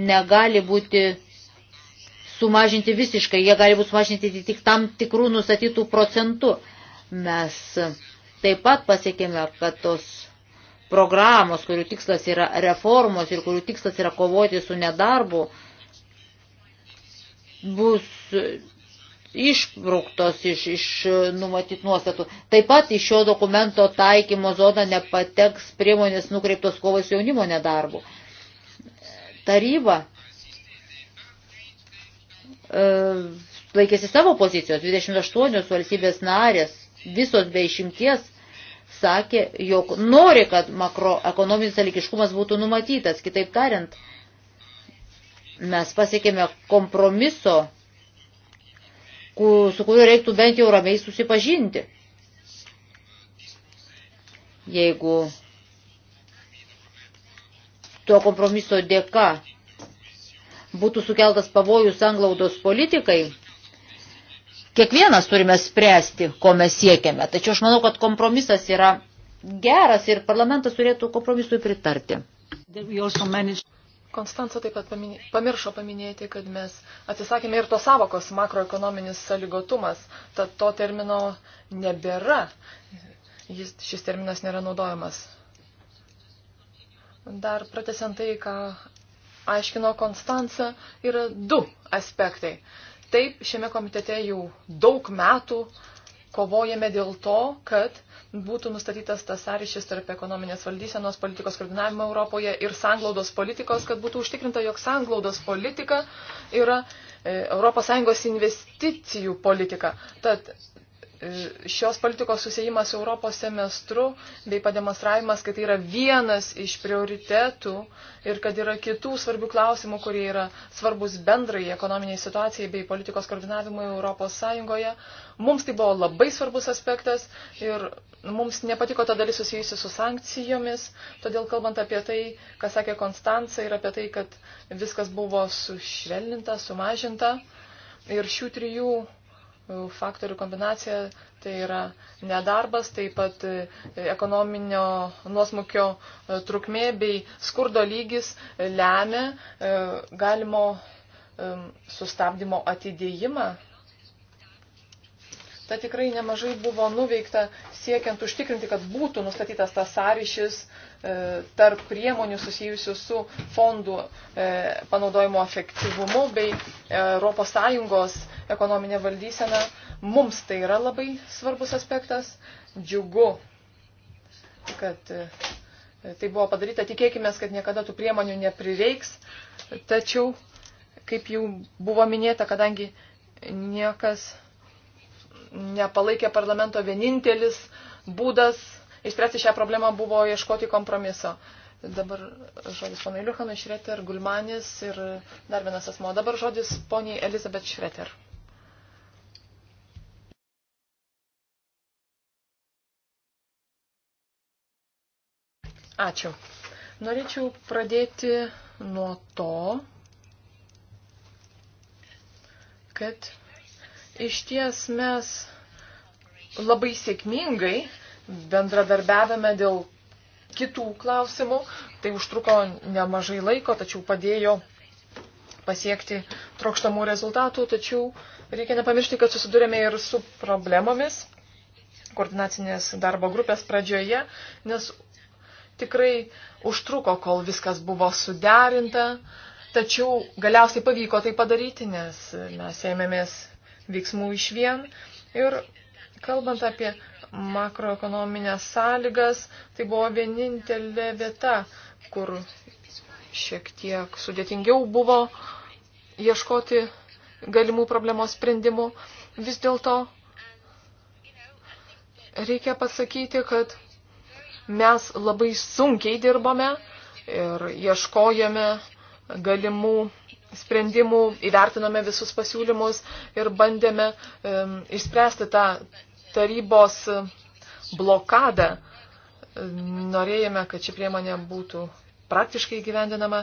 negali būti sumažinti visiškai, jie gali būti sumažinti tik tam tikrų nustatytų procentų. Mes taip pat pasiekėme, kad tos programos, kurių tikslas yra reformos ir kurių tikslas yra kovoti su nedarbu, bus išbruktos iš, iš numatyt nuostatų. Taip pat iš šio dokumento taikymo zoną nepateks priemonės nukreiptos kovos jaunimo nedarbu. Taryba E, laikėsi savo pozicijos, 28 valstybės narės, visos be išimties, sakė, jog nori, kad makroekonominis alikiškumas būtų numatytas. Kitaip tariant, mes pasiekėme kompromiso, su kuriuo reiktų bent jau ramiai susipažinti. Jeigu to kompromiso dėka būtų sukeltas pavojus anglaudos politikai, kiekvienas turime spręsti, ko mes siekiame. Tačiau aš manau, kad kompromisas yra geras ir parlamentas turėtų kompromisui pritarti. Konstanco taip pat paminė, pamiršo paminėti, kad mes atsisakėme ir tos savokos makroekonominis sąlygotumas, tad to termino nebėra. Jis, šis terminas nėra naudojamas. Dar pratesiant tai, ką aiškino Konstanca, yra du aspektai. Taip, šiame komitete jau daug metų kovojame dėl to, kad būtų nustatytas tas sąryšis tarp ekonominės valdysenos politikos koordinavimo Europoje ir sanglaudos politikos, kad būtų užtikrinta, jog sanglaudos politika yra ES investicijų politika. Tad šios politikos susijimas Europos semestru bei pademonstravimas, kad tai yra vienas iš prioritetų ir kad yra kitų svarbių klausimų, kurie yra svarbus bendrai ekonominiai situacijai bei politikos koordinavimui Europos Sąjungoje. Mums tai buvo labai svarbus aspektas ir mums nepatiko ta dalis susijusi su sankcijomis, todėl kalbant apie tai, ką sakė Konstanca ir apie tai, kad viskas buvo sušvelninta, sumažinta ir šių trijų faktorių kombinacija, tai yra nedarbas, taip pat e, ekonominio nuosmukio e, trukmė bei skurdo lygis lemia e, galimo sustabdymo atidėjimą Tad tikrai nemažai buvo nuveikta siekiant užtikrinti, kad būtų nustatytas tas sąryšis e, tarp priemonių susijusių su fondų e, panaudojimo efektyvumu bei ES ekonominė valdysena. Mums tai yra labai svarbus aspektas. Džiugu, kad e, tai buvo padaryta. Tikėkime, kad niekada tų priemonių neprireiks. Tačiau, kaip jau buvo minėta, kadangi niekas nepalaikė parlamento vienintelis būdas išspręsti šią problemą buvo ieškoti kompromiso. Dabar žodis ponai Liuhanui Šreter, Gulmanis ir dar vienas asmo. Dabar žodis poniai Elizabeth Šreter. Ačiū. Norėčiau pradėti nuo to, kad Iš ties mes labai sėkmingai bendradarbiavame dėl kitų klausimų. Tai užtruko nemažai laiko, tačiau padėjo pasiekti trokštamų rezultatų, tačiau reikia nepamiršti, kad susidurėme ir su problemomis koordinacinės darbo grupės pradžioje, nes tikrai užtruko, kol viskas buvo suderinta, tačiau galiausiai pavyko tai padaryti, nes mes ėmėmės veiksmų iš vien. Ir kalbant apie makroekonominės sąlygas, tai buvo vienintelė vieta, kur šiek tiek sudėtingiau buvo ieškoti galimų problemos sprendimų. Vis dėlto reikia pasakyti, kad mes labai sunkiai dirbome ir ieškojame galimų sprendimų, įvertinome visus pasiūlymus ir bandėme um, išspręsti tą tarybos blokadą. Norėjome, kad ši priemonė būtų praktiškai gyvendinama.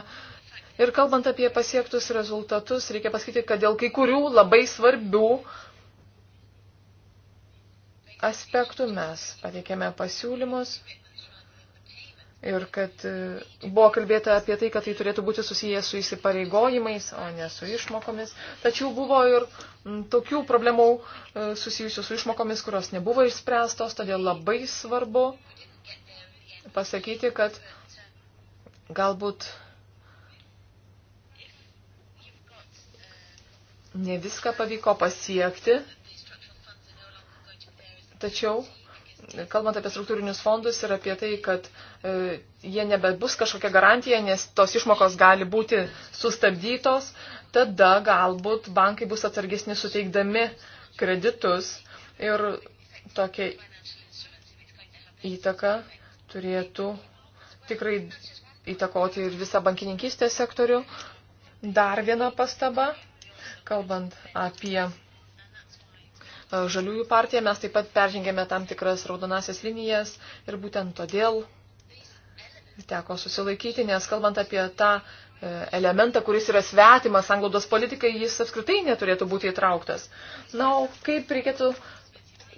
Ir kalbant apie pasiektus rezultatus, reikia pasakyti, kad dėl kai kurių labai svarbių aspektų mes pateikėme pasiūlymus Ir kad e, buvo kalbėta apie tai, kad tai turėtų būti susijęs su įsipareigojimais, o ne su išmokomis. Tačiau buvo ir tokių problemų e, susijusių su išmokomis, kurios nebuvo išspręstos, todėl labai svarbu pasakyti, kad galbūt ne viską pavyko pasiekti, tačiau kalbant apie struktūrinius fondus ir apie tai, kad e, jie nebebus kažkokia garantija, nes tos išmokos gali būti sustabdytos, tada galbūt bankai bus atsargesni suteikdami kreditus ir tokia įtaka turėtų tikrai įtakoti ir visą bankininkystės sektorių. Dar viena pastaba, kalbant apie E, žaliųjų partija, mes taip pat peržengėme tam tikras raudonasias linijas ir būtent todėl teko susilaikyti, nes kalbant apie tą e, elementą, kuris yra svetimas anglodos politikai, jis apskritai neturėtų būti įtrauktas. Na, o kaip reikėtų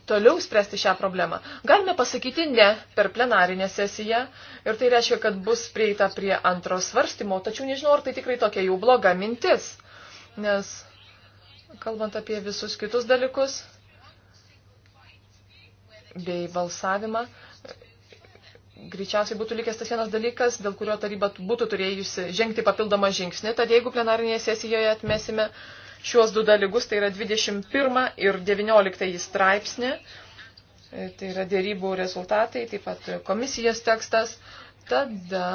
toliau spręsti šią problemą? Galime pasakyti ne per plenarinę sesiją ir tai reiškia, kad bus prieita prie antro svarstymo, tačiau nežinau, ar tai tikrai tokia jau bloga mintis, nes kalbant apie visus kitus dalykus, bei balsavimą. Greičiausiai būtų likęs tas vienas dalykas, dėl kurio taryba būtų turėjusi žengti papildomą žingsnį. Tad jeigu plenarinėje sesijoje atmesime šiuos du dalykus, tai yra 21 ir 19 straipsnį, e, tai yra dėrybų rezultatai, taip pat komisijos tekstas, tada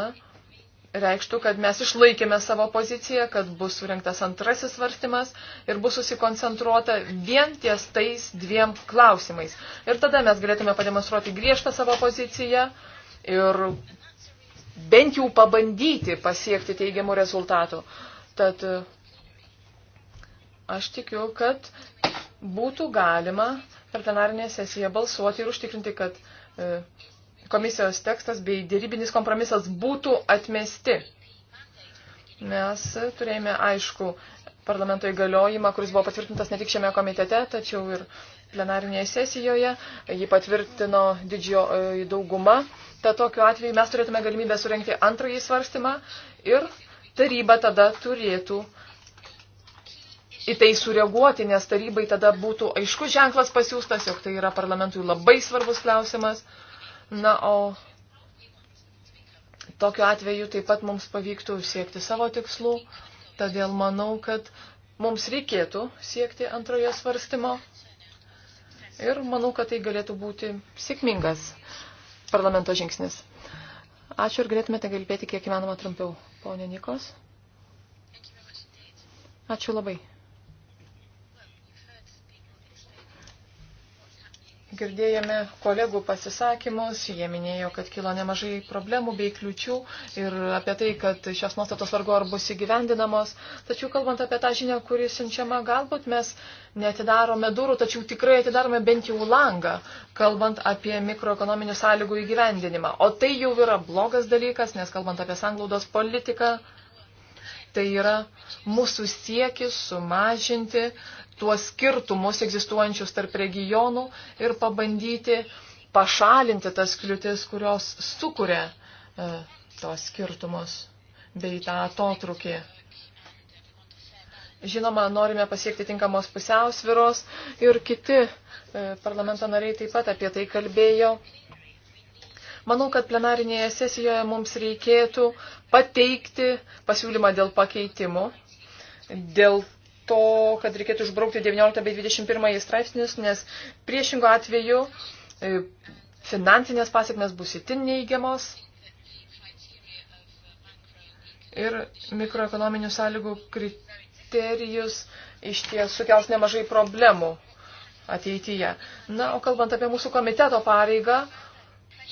reikštų, kad mes išlaikėme savo poziciją, kad bus surinktas antrasis svarstymas ir bus susikoncentruota vien ties tais dviem klausimais. Ir tada mes galėtume pademonstruoti griežtą savo poziciją ir bent jau pabandyti pasiekti teigiamų rezultatų. Tad aš tikiu, kad būtų galima per plenarinę sesiją balsuoti ir užtikrinti, kad e, komisijos tekstas bei dėrybinis kompromisas būtų atmesti. Mes turėjome aišku parlamento įgaliojimą, kuris buvo patvirtintas ne tik šiame komitete, tačiau ir plenarinėje sesijoje. Jį patvirtino didžio e, dauguma. Tad tokiu atveju mes turėtume galimybę surenkti antrąjį svarstymą ir taryba tada turėtų į tai sureaguoti, nes tarybai tada būtų aiškus ženklas pasiūstas, jog tai yra parlamentui labai svarbus klausimas. Na, o tokiu atveju taip pat mums pavyktų siekti savo tikslų, todėl manau, kad mums reikėtų siekti antrojo svarstymo ir manau, kad tai galėtų būti sėkmingas parlamento žingsnis. Ačiū ir galėtumėte kalbėti kiek įmanoma trumpiau, ponė Nikos. Ačiū labai. Girdėjome kolegų pasisakymus, jie minėjo, kad kilo nemažai problemų bei kliučių ir apie tai, kad šios nuostatos vargu ar bus įgyvendinamos. Tačiau kalbant apie tą žinią, kuri siunčiama, galbūt mes netidarome durų, tačiau tikrai atidarome bent jau langą, kalbant apie mikroekonominių sąlygų įgyvendinimą. O tai jau yra blogas dalykas, nes kalbant apie sanglaudos politiką, tai yra mūsų siekis sumažinti tuos skirtumus egzistuojančius tarp regionų ir pabandyti pašalinti tas kliūtis, kurios sukuria e, tos skirtumus bei tą atotrukį. Žinoma, norime pasiekti tinkamos pusiausviros ir kiti e, parlamento nariai taip pat apie tai kalbėjo. Manau, kad plenarinėje sesijoje mums reikėtų pateikti pasiūlymą dėl pakeitimų, dėl to, kad reikėtų išbraukti 19 bei 21 straipsnius, nes priešingo atveju e, finansinės pasiekmes bus itin neįgiamos ir mikroekonominių sąlygų kriterijus iš ties sukels nemažai problemų ateityje. Na, o kalbant apie mūsų komiteto pareigą,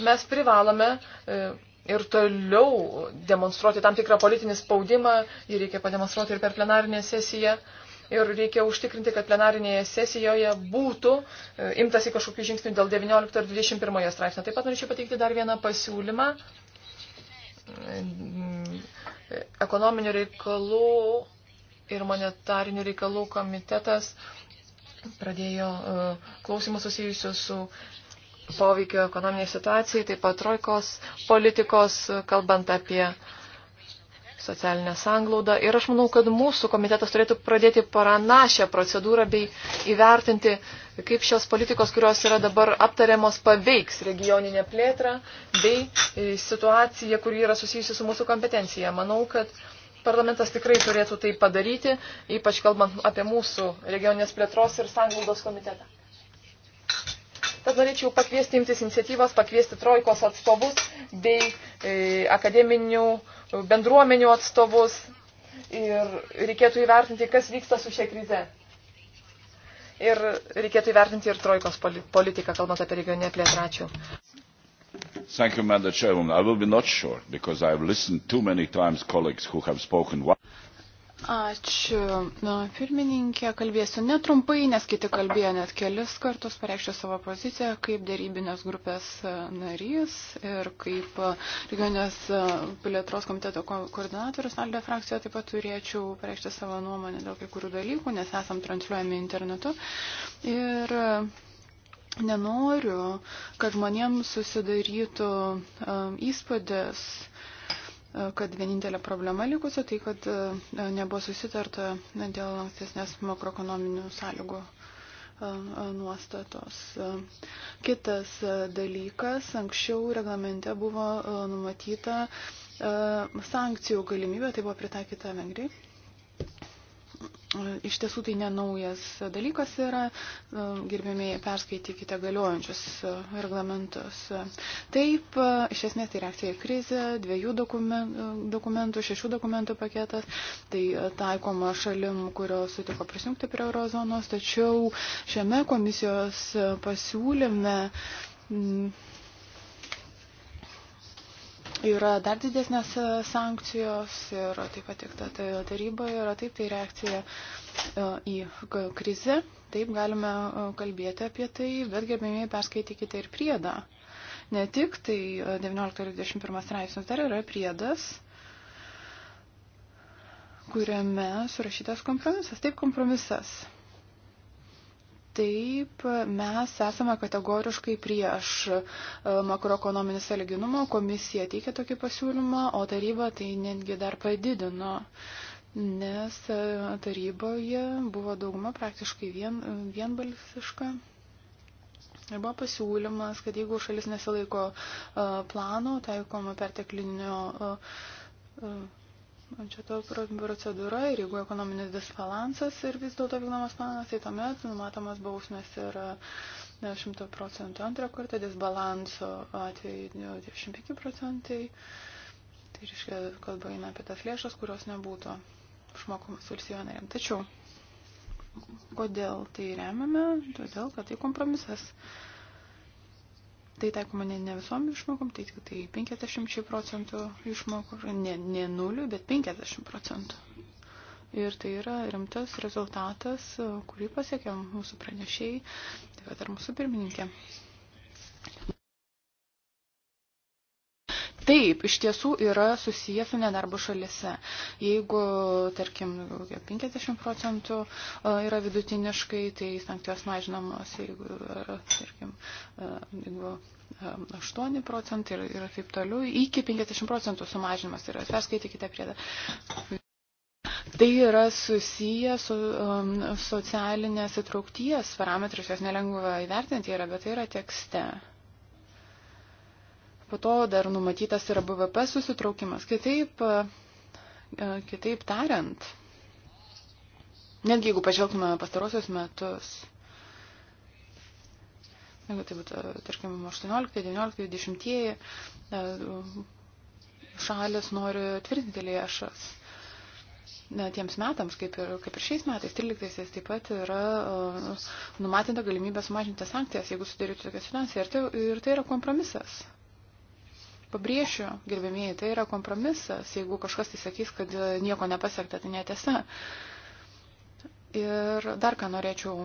mes privalome e, ir toliau demonstruoti tam tikrą politinį spaudimą, jį reikia pademonstruoti ir per plenarinę sesiją ir reikia užtikrinti, kad plenarinėje sesijoje būtų e, imtasi kažkokių žingsnių dėl 19 ir 21 straipsnio. Taip pat norėčiau pateikti dar vieną pasiūlymą e, ekonominių reikalų ir monetarinių reikalų komitetas pradėjo e, klausimus susijusius su poveikio ekonominė situacija, taip pat trojkos politikos, kalbant apie uh, socialinę sanglaudą. Ir aš manau, kad mūsų komitetas turėtų pradėti paranašę procedūrą bei įvertinti, kaip šios politikos, kurios yra dabar aptariamos, paveiks regioninę plėtrą bei e, situaciją, kuri yra susijusi su mūsų kompetencija. Manau, kad parlamentas tikrai turėtų tai padaryti, ypač kalbant apie mūsų regioninės plėtros ir sanglaudos komitetą. Tad norėčiau pakviesti imtis iniciatyvos, pakviesti trojkos atstovus bei e, akademinių e, bendruomenių atstovus ir reikėtų įvertinti, kas vyksta su šia krize. Ir reikėtų įvertinti ir trojkos politiką, kalbant apie regioninę plėtrą. Ačiū. Thank you, Madam Chairwoman. I will be not short because I have listened too many times colleagues who have spoken. Ačiū. Na, pirmininkė, kalbėsiu netrumpai, nes kiti kalbėjo net kelis kartus, pareikščiau savo poziciją kaip dėrybinės grupės e, narys ir kaip e, regionės e, plėtros komiteto ko koordinatorius Aldė frakcijoje taip pat turėčiau pareikšti savo nuomonę dėl kai kurių dalykų, nes esam transliuojami internetu. Ir nenoriu, kad žmonėms susidarytų um, įspūdis, kad vienintelė problema likusio tai, kad e, nebuvo susitarta dėl ankstesnės makroekonominių sąlygų e, e, nuostatos. Kitas dalykas, anksčiau reglamente buvo numatyta sankcijų galimybė, tai buvo pritaikyta Vengrijai. Iš tiesų tai nenaujas dalykas yra, e, gerbėmiai perskaitykite galiojančius e, reglamentus. Taip, e, iš esmės tai reakcija į krizę, dviejų dokumentų, šešių dokumentų paketas, tai taikoma šalim, kurios sutiko prisijungti prie eurozonos, tačiau šiame komisijos pasiūlyme. M, yra dar didesnės e, sankcijos ir taip pat tik ta taryba yra taip tai reakcija e, į krizę. Taip galime e, kalbėti apie tai, bet gerbėmiai perskaitykite ir priedą. Ne tik tai 19.21 straipsnis dar yra priedas kuriame surašytas kompromisas. Taip, kompromisas Taip, mes esame kategoriškai prieš e, makroekonominį saliginumą, komisija teikia tokį pasiūlymą, o taryba tai netgi dar padidino, nes e, taryboje buvo dauguma praktiškai vien, vienbalsiška. Ir buvo pasiūlymas, kad jeigu šalis nesilaiko e, plano, taikoma perteklinio čia to procedūra ir jeigu ekonominis disbalansas ir vis dėlto vykdomas planas, tai tuomet numatomas bausmės yra 100 procentų antrą kartą, disbalanso atveju 25 nu, procentai. Tai reiškia, kalba eina apie tas lėšas, kurios nebūtų išmokomas valstybėnėm. Tačiau, kodėl tai remiame? Todėl, kad tai kompromisas. Uh, Tai taikoma ne, ne visom išmokom, tai tik tai 50 procentų išmokų, ne, ne nuliu, bet 50 procentų. Ir tai yra rimtas rezultatas, kurį pasiekė mūsų pranešiai, taip pat ir mūsų pirmininkė. Taip, iš tiesų yra susiję su nedarbu šalise. Jeigu, tarkim, 50 procentų e, yra vidutiniškai, tai sankcijos mažinamos, jeigu, tarkim, e, jeigu 8 e, procentai ir, ir taip toliau, iki 50 procentų sumažinimas yra. Perskaitykite priedą. Tai yra susiję su um, socialinės įtraukties parametrais, jos nelengva įvertinti yra, bet tai yra tekste. Po to dar numatytas yra BVP susitraukimas. Kitaip, e, kitaip tariant, netgi jeigu pažvelgtume pastarosius metus, jeigu tai būtų, e, tarkim, 18, 19, 20 šalis nori tvirtinti lėšas na, tiems metams, kaip ir, kaip ir šiais metais, 13-aisiais taip pat yra uh, numatinta galimybė sumažinti sankcijas, jeigu sudarytų tokias finansijas. Ir, tai, ir tai yra kompromisas. Pabrėšiu, gerbėmėjai, tai yra kompromisas. Jeigu kažkas tai sakys, kad e, nieko nepasiekta, tai netiesa. Ir dar ką norėčiau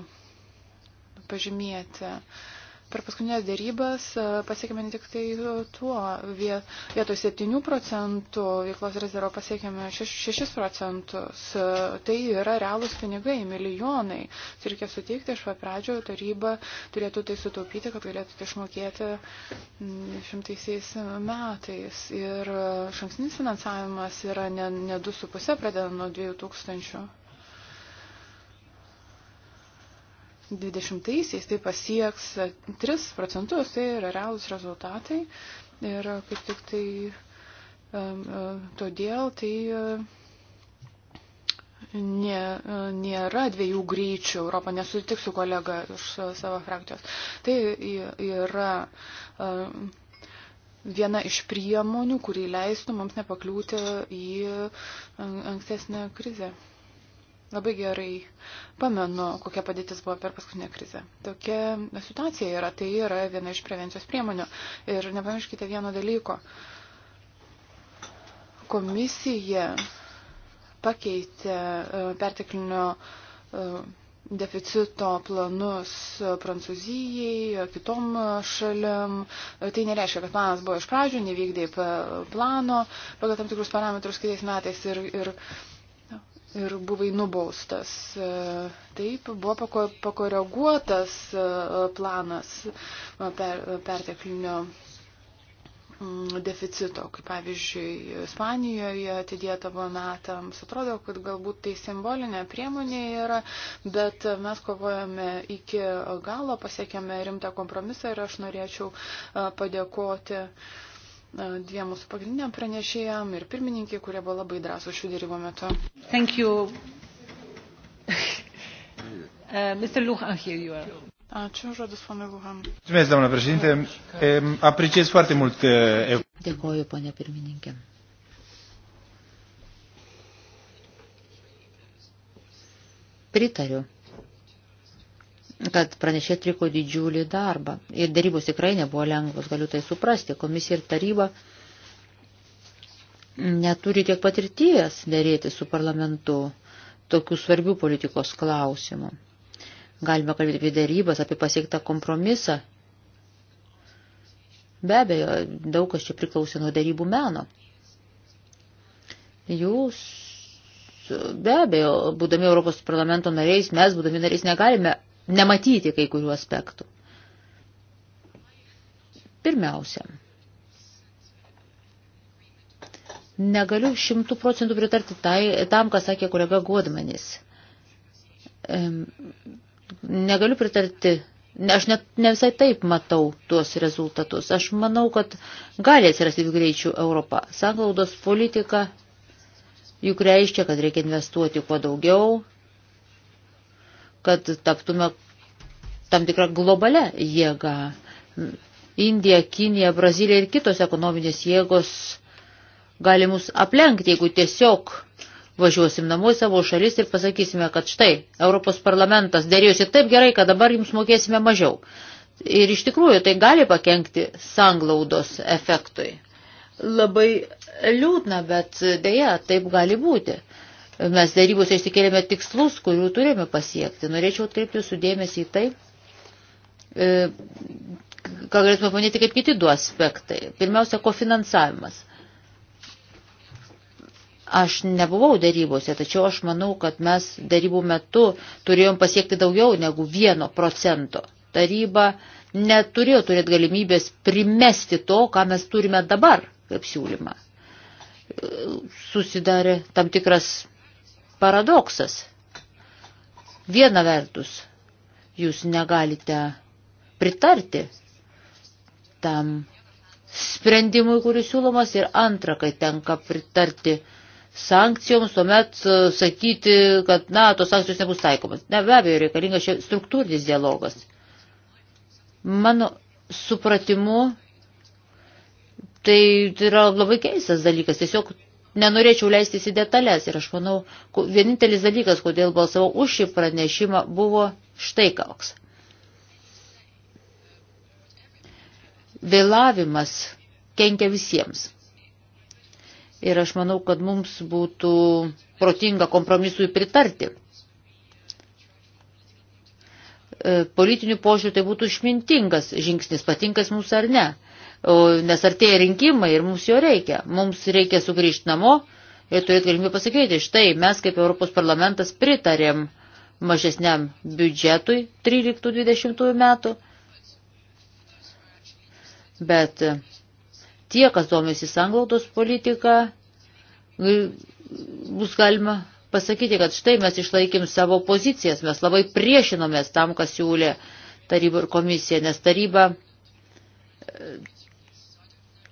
pažymėti. Uh, Per paskutinės dėrybas e, pasiekėme tik tai tuo, vietoj 7 procentų veiklos rezervo pasiekėme 6 procentus. E, tai yra realūs pinigai, milijonai. Tai reikia suteikti iš pat pradžio, taryba turėtų tai sutaupyti, kad galėtų tai išmokėti mm, šimtaisiais metais. Ir e, šanksnis finansavimas yra ne, ne 2,5, pradeda nuo 2000. 20-aisiais tai pasieks 3 procentus, tai yra realūs rezultatai. Ir kaip tik tai um, e, todėl tai e, nė, e, nėra dviejų greičių. Europą nesutiks su kolega iš savo frakcijos. Tai yra. Um, viena iš priemonių, kurį leistų mums nepakliūti į ankstesnę krizę. Labai gerai pamenu, kokia padėtis buvo per paskutinę krizę. Tokia situacija yra, tai yra viena iš prevencijos priemonių. Ir nepamirškite vieno dalyko. Komisija pakeitė e, perteklinio e, deficito planus Prancūzijai, kitom šalim. Tai nereiškia, kad planas buvo iš pradžių, nevykdė plano pagal tam tikrus parametrus kitais metais ir, ir ir buvai nubaustas. E, taip, buvo pakoreguotas e, planas e, perteklinio mm, deficito, kaip pavyzdžiui, Ispanijoje atidėta buvo metams. Atrodo, kad galbūt tai simbolinė priemonė yra, bet mes kovojame iki galo, pasiekėme rimtą kompromisą ir aš norėčiau padėkoti uh, dviem mūsų pagrindiniam pranešėjam ir pirmininkiai, kurie buvo labai drąsų šių dėrybų metu. Thank you. (laughs) uh, Mr. Luhan, here you are. Ačiū, žodis ponui Luhan. Mulțumesc, doamna președinte. Apreciez foarte mult. Uh, Dėkoju, ponia pirmininkė. Pritariu kad pranešė atliko didžiulį darbą. Ir darybos tikrai nebuvo lengvos, galiu tai suprasti. Komisija ir taryba neturi tiek patirties dėrėti su parlamentu tokių svarbių politikos klausimų. Galime kalbėti apie dėrybas, apie pasiektą kompromisą. Be abejo, daug kas čia priklausė nuo dėrybų meno. Jūs, be abejo, būdami Europos parlamento nariais, mes būdami nariais negalime nematyti kai kurių aspektų. Pirmiausia, negaliu šimtų procentų pritarti tai, tam, ką sakė kolega Godmanis. Negaliu pritarti, aš net ne visai taip matau tuos rezultatus. Aš manau, kad gali atsirasti greičių Europą. Sanglaudos politika juk reiškia, kad reikia investuoti kuo daugiau, kad taptume tam tikrą globalę jėgą. Indija, Kinija, Brazilija ir kitos ekonominės jėgos gali mus aplenkti, jeigu tiesiog važiuosim namo į savo šalis ir pasakysime, kad štai, Europos parlamentas dėrėjosi taip gerai, kad dabar jums mokėsime mažiau. Ir iš tikrųjų tai gali pakengti sanglaudos efektui. Labai liūdna, bet dėja, taip gali būti. Mes darybose išsikėlėme tikslus, kurių turėjome pasiekti. Norėčiau atkreipti jūsų dėmesį į tai, e, ką galėtume paminėti kaip kiti du aspektai. Pirmiausia, kofinansavimas. Aš nebuvau darybose, tačiau aš manau, kad mes darybų metu turėjom pasiekti daugiau negu vieno procento. Taryba neturėjo turėti galimybės primesti to, ką mes turime dabar kaip siūlymą. Susidarė tam tikras paradoksas. Viena vertus, jūs negalite pritarti tam sprendimui, kuris siūlomas, ir antra, kai tenka pritarti sankcijoms, tuomet e, sakyti, kad, na, tos sankcijos nebus taikomas. Ne, be abejo, reikalingas čia struktūrinis dialogas. Mano supratimu, tai yra labai keistas dalykas. Tiesiog nenorėčiau leistis į detalės ir aš manau, vienintelis dalykas, kodėl balsavau už šį pranešimą, buvo štai koks. Vėlavimas kenkia visiems. Ir aš manau, kad mums būtų protinga kompromisui pritarti. E, politinių požiūrį tai būtų išmintingas žingsnis, patinkas mums ar ne nes artėja rinkimai ir mums jo reikia. Mums reikia sugrįžti namo ir turėti galimybę pasakyti, štai mes kaip Europos parlamentas pritarėm mažesniam biudžetui 13-20 metų, bet tie, kas domisi sanglautos politiką, bus galima pasakyti, kad štai mes išlaikėm savo pozicijas, mes labai priešinomės tam, kas siūlė taryba ir komisija, nes taryba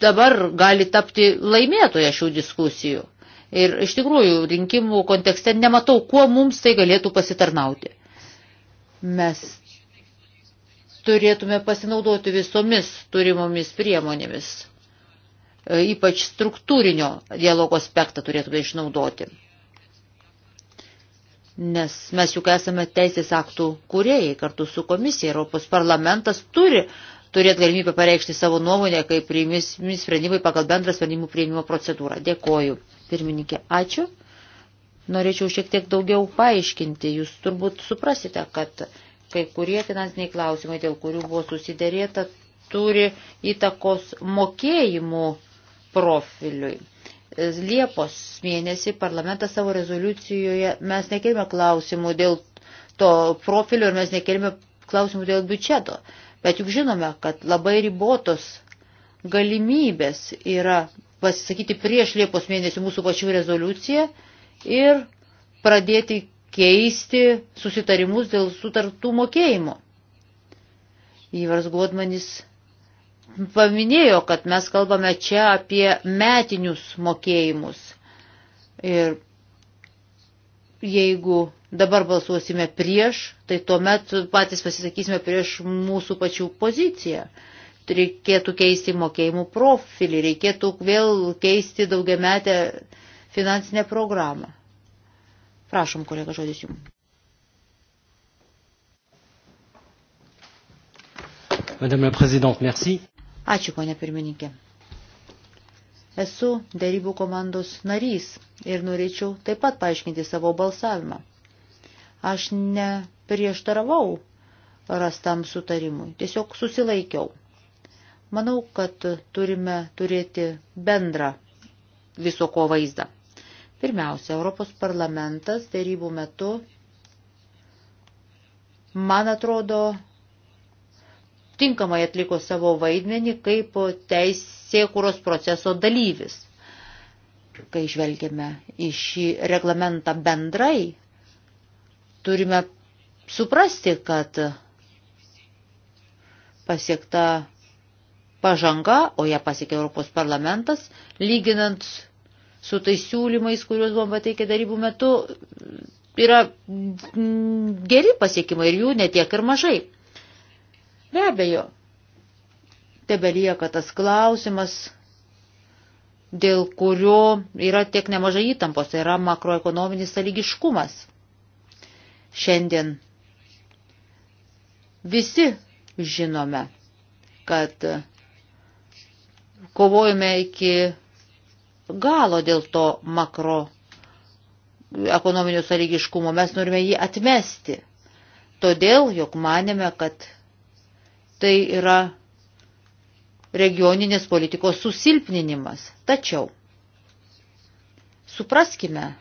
dabar gali tapti laimėtoja šių diskusijų. Ir iš tikrųjų rinkimų kontekste nematau, kuo mums tai galėtų pasitarnauti. Mes turėtume pasinaudoti visomis turimomis priemonėmis. E, ypač struktūrinio dialogo aspektą turėtume išnaudoti. Nes mes juk esame teisės aktų kūrėjai kartu su komisija. Europos parlamentas turi uh, turėt galimybę pareikšti savo nuomonę, kai priimimi sprendimai pagal bendrą sprendimų priėmimo procedūrą. Dėkoju. Pirmininkė, ačiū. Norėčiau šiek tiek daugiau paaiškinti. Jūs turbūt suprasite, kad kai kurie finansiniai klausimai, dėl kurių buvo susiderėta, turi įtakos mokėjimų profiliui. Liepos mėnesį parlamentas savo rezoliucijoje mes nekėlėme klausimų dėl to profilio ir mes nekėlėme klausimų dėl biudžeto. Bet juk žinome, kad labai ribotos galimybės yra pasisakyti prieš Liepos mėnesį mūsų pačių rezoliuciją ir pradėti keisti susitarimus dėl sutartų mokėjimo. Įvars Godmanis paminėjo, kad mes kalbame čia apie metinius mokėjimus. Ir jeigu dabar balsuosime prieš, tai tuomet patys pasisakysime prieš mūsų pačių poziciją. Reikėtų keisti mokėjimų profilį, reikėtų vėl keisti daugiametę finansinę programą. Prašom, kolega, žodis jums. Madame la Présidente, merci. Ačiū, ponė pirmininkė. Esu darybų komandos narys ir norėčiau taip pat paaiškinti savo balsavimą. Aš neprieštaravau rastam sutarimui, tiesiog susilaikiau. Manau, kad turime turėti bendrą viso ko vaizdą. Pirmiausia, Europos parlamentas darybų metu, man atrodo, tinkamai atliko savo vaidmenį kaip teisėkūros proceso dalyvis. Kai žvelgiame į šį reglamentą bendrai, Turime suprasti, kad pasiekta pažanga, o ją pasiekė Europos parlamentas, lyginant su tais siūlymais, kuriuos buvom pateikę darybų metu, yra geri pasiekimai ir jų netiek ir mažai. Be abejo, tebelieka tas klausimas, dėl kurio yra tiek nemažai įtampos, tai yra makroekonominis sąlygiškumas. Šiandien visi žinome, kad kovojame iki galo dėl to makro ekonominio sąlygiškumo. Mes norime jį atmesti. Todėl, jog manėme, kad tai yra regioninės politikos susilpninimas. Tačiau supraskime,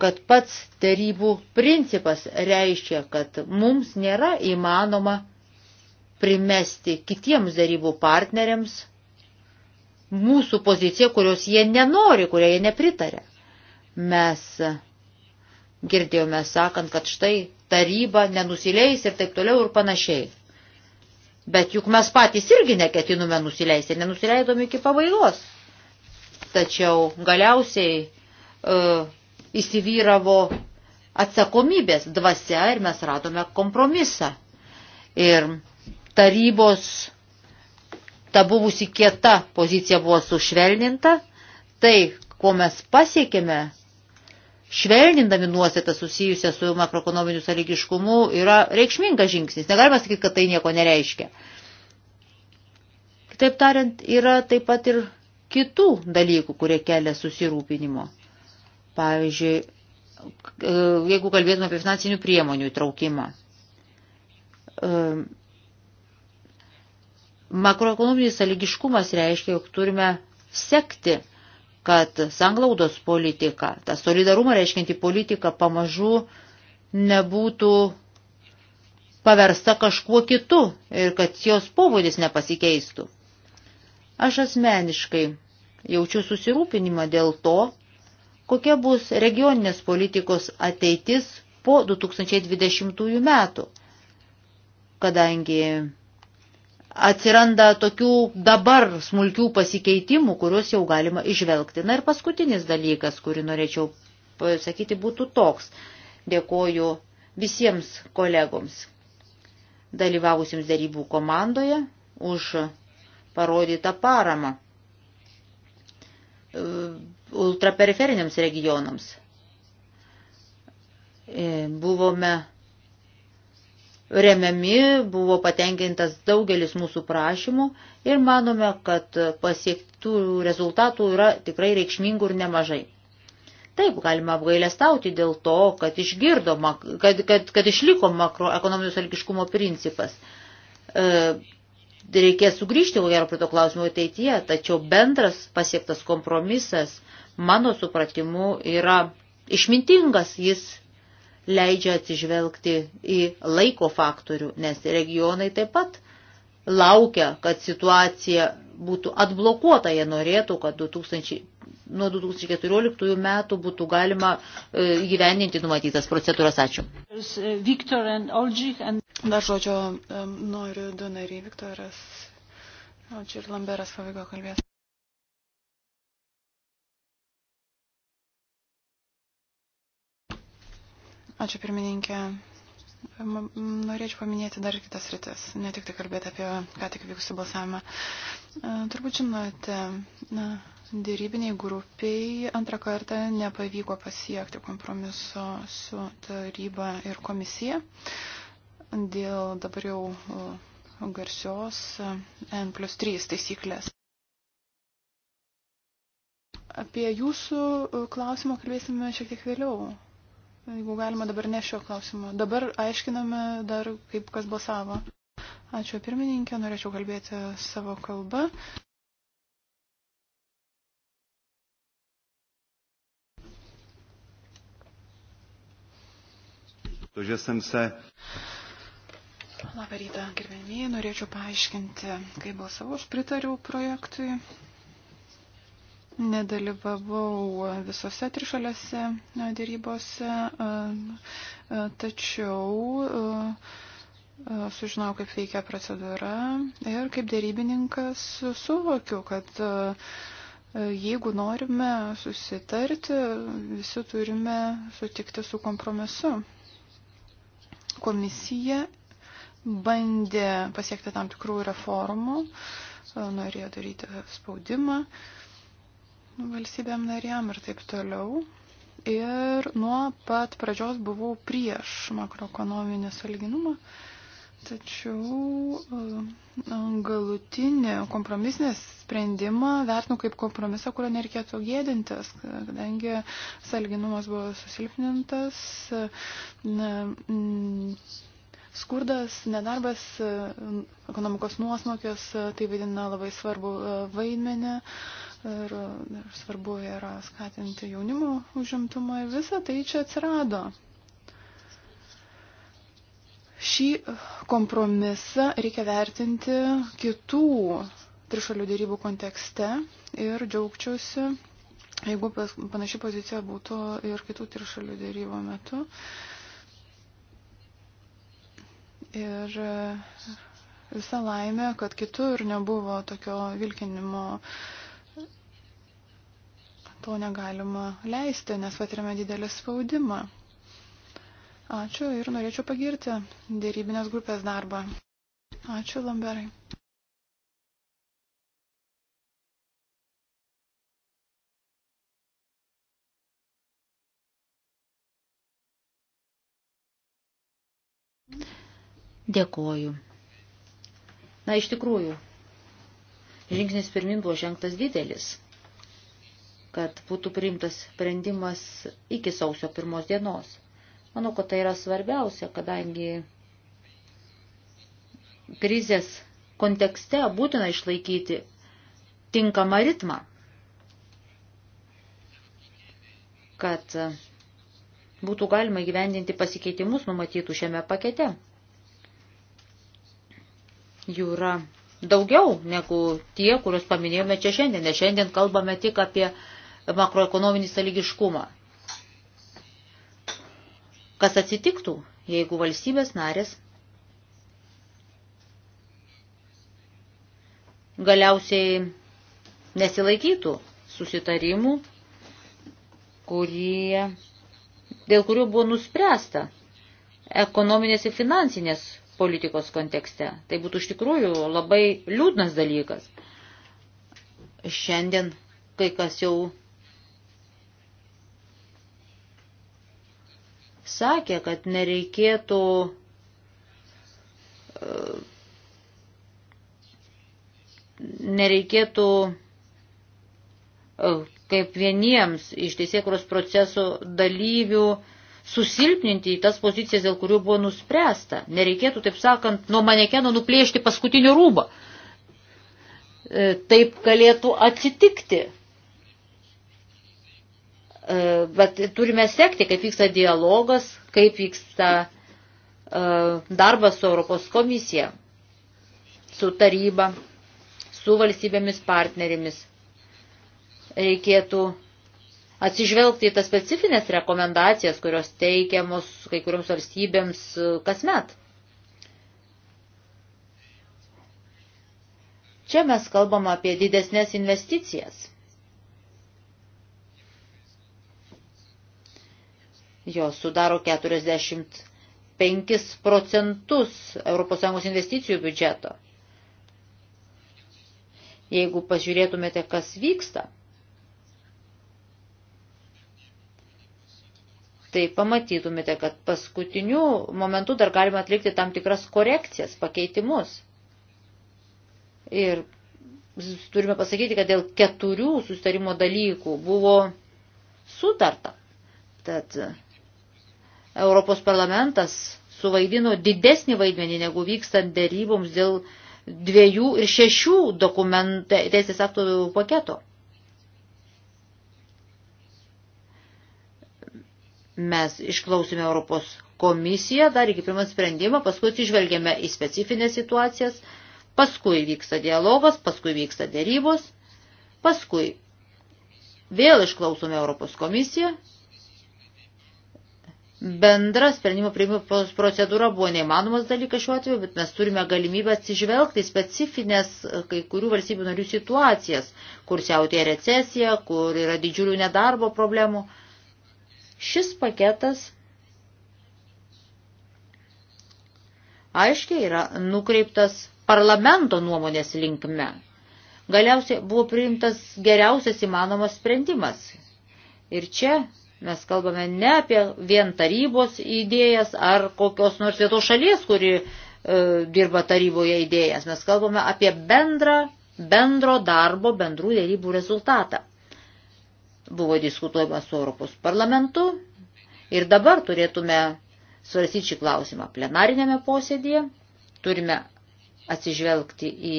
kad pats tarybų principas reiškia, kad mums nėra įmanoma primesti kitiems darybų partneriams mūsų poziciją, kurios jie nenori, kurie jie nepritarė. Mes girdėjome sakant, kad štai taryba nenusileis ir taip toliau ir panašiai. Bet juk mes patys irgi neketinume nusileisti, nenusileidom iki pabaigos. Tačiau galiausiai uh, e, įsivyravo atsakomybės dvasia ir mes radome kompromisą. Ir tarybos ta buvusi kieta pozicija buvo sušvelninta, tai, ko mes pasiekėme, švelnindami nuostatą susijusią su makroekonominiu sąlygiškumu, yra reikšmingas žingsnis. Negalima sakyti, kad tai nieko nereiškia. Kitaip tariant, yra taip pat ir kitų dalykų, kurie kelia susirūpinimo. Pavyzdžiui, e, jeigu kalbėtume apie finansinių priemonių įtraukimą. E, makroekonominis sąlygiškumas reiškia, jog turime sekti, kad sanglaudos politika, ta solidarumą reiškianti politika pamažu nebūtų paversta kažkuo kitu ir kad jos pobūdis nepasikeistų. Aš asmeniškai jaučiu susirūpinimą dėl to, kokia bus regioninės politikos ateitis po 2020 metų, kadangi atsiranda tokių dabar smulkių pasikeitimų, kuriuos jau galima išvelgti. Na ir paskutinis dalykas, kurį norėčiau pasakyti, būtų toks. Dėkoju visiems kolegoms dalyvavusiems darybų komandoje už parodytą paramą ultraperiferiniams regionams. E, buvome remiami, buvo patenkintas daugelis mūsų prašymų ir manome, kad pasiektų rezultatų yra tikrai reikšmingų ir nemažai. Taip, galima apgailestauti dėl to, kad išgirdoma, kad, kad, kad išliko makroekonominio salgiškumo principas. E, reikės sugrįžti, ko gero, prie to klausimo ateityje, tačiau bendras pasiektas kompromisas mano supratimu, yra išmintingas, jis leidžia atsižvelgti į laiko faktorių, nes regionai taip pat laukia, kad situacija būtų atblokuota, jie norėtų, kad 2000, nuo 2014 metų būtų galima e, gyveninti numatytas procedūras. Ačiū. E, Viktor and Olgich and... Dar žodžio um, noriu du nariai, Viktoras Olgich ir Lamberas pabaigo kalbės. Ačiū pirmininkė. Norėčiau paminėti dar kitas rytis, ne tik tai kalbėti apie ką tik vykusį balsavimą. E, turbūt žinote, na, dėrybiniai grupiai antrą kartą nepavyko pasiekti kompromiso su taryba ir komisija dėl dabar jau e, garsios e, N plus 3 taisyklės. Apie jūsų klausimą kalbėsime šiek tiek vėliau. Jeigu galima dabar ne šio klausimo. Dabar aiškiname dar, kaip kas balsavo. Ačiū pirmininkė, norėčiau kalbėti savo kalbą. Tože jsem se... Labą rytą, gerbėmiai, norėčiau paaiškinti, kaip balsavau, aš pritariau projektui, nedalyvavau visose trišalėse e, dėrybose, e, e, tačiau sužinau, kaip veikia procedūra ir kaip dėrybininkas suvokiu, kad jeigu norime susitarti, visi turime sutikti su kompromisu. Komisija bandė pasiekti tam tikrų reformų, norėjo daryti spaudimą. Uh, valstybėm narėm ir taip toliau. Ir nuo pat pradžios buvau prieš makroekonominį saliginumą, tačiau e, galutinį kompromisinį sprendimą vertinu kaip kompromisą, kurio nereikėtų gėdintis, kadangi saliginumas buvo susilpnintas. Ne, mm, skurdas, nedarbas, e, ekonomikos nuosmokis e, tai vaidina labai svarbu vaidmenį ir, ir svarbu yra skatinti jaunimo užimtumą ir visą tai čia atsirado. Šį kompromisą reikia vertinti kitų trišalių dėrybų kontekste ir džiaugčiausi, jeigu panaši pozicija būtų ir kitų trišalių dėrybų metu. Ir e, visą laimę, kad kitur nebuvo tokio vilkinimo uh, to negalima leisti, nes patiriame didelį spaudimą. Ačiū ir norėčiau pagirti dėrybinės grupės darbą. Ačiū, Lamberai. Dėkoju. Na, iš tikrųjų, žingsnis pirmin buvo žengtas didelis kad būtų priimtas sprendimas iki sausio pirmos dienos. Manau, kad tai yra svarbiausia, kadangi krizės kontekste būtina išlaikyti tinkamą ritmą, kad būtų galima įgyvendinti pasikeitimus numatytų šiame pakete. Jų yra daugiau negu tie, kuriuos paminėjome čia šiandien, nes šiandien kalbame tik apie uh, makroekonominį sąlygiškumą. Kas atsitiktų, jeigu valstybės narės galiausiai nesilaikytų susitarimų, kurie, dėl kurių buvo nuspręsta ekonominės ir finansinės politikos kontekste. Tai būtų iš tikrųjų labai liūdnas dalykas. Šiandien kai kas jau sakė, kad nereikėtų e, nereikėtų e, kaip vieniems iš teisėkuros proceso dalyvių susilpninti į tas pozicijas, dėl kurių buvo nuspręsta. Nereikėtų, taip sakant, nuo manekeno nuplėšti paskutinį rūbą. E, taip galėtų atsitikti E, bet turime sekti, kaip vyksta dialogas, kaip vyksta e, darbas su Europos komisija, su taryba, su valstybėmis partnerėmis. Reikėtų atsižvelgti į tas specifines rekomendacijas, kurios teikiamos kai kurioms valstybėms e, kasmet. Čia mes kalbam apie didesnės investicijas. Jos sudaro 45 procentus ES investicijų biudžeto. Jeigu pažiūrėtumėte, kas vyksta, tai pamatytumėte, kad paskutiniu momentu dar galima atlikti tam tikras korekcijas, pakeitimus. Ir turime pasakyti, kad dėl keturių sustarimo dalykų buvo sutarta. Tad Europos parlamentas suvaidino didesnį vaidmenį negu vykstant dėryboms dėl dviejų ir šešių dokumentų teisės aktų paketo. Mes išklausime Europos komisiją dar iki pirmą sprendimą, paskui atsižvelgėme į specifines situacijas, paskui vyksta dialogas, paskui vyksta dėrybos, paskui vėl išklausome Europos komisiją bendra sprendimo priimimo procedūra buvo neįmanomas dalykas šiuo atveju, bet mes turime galimybę atsižvelgti specifines e, kai kurių valstybių narių situacijas, kur siautė recesija, kur yra didžiulių nedarbo problemų. Šis paketas aiškiai yra nukreiptas parlamento nuomonės linkme. Galiausiai buvo priimtas geriausias įmanomas sprendimas. Ir čia Mes kalbame ne apie vien tarybos idėjas ar kokios nors vietos šalies, kuri e, dirba taryboje idėjas. Mes kalbame apie bendrą, bendro darbo, bendrų dėrybų rezultatą. Buvo diskutuojama su Europos parlamentu ir dabar turėtume svarstyti šį klausimą plenarinėme posėdėje. Turime atsižvelgti į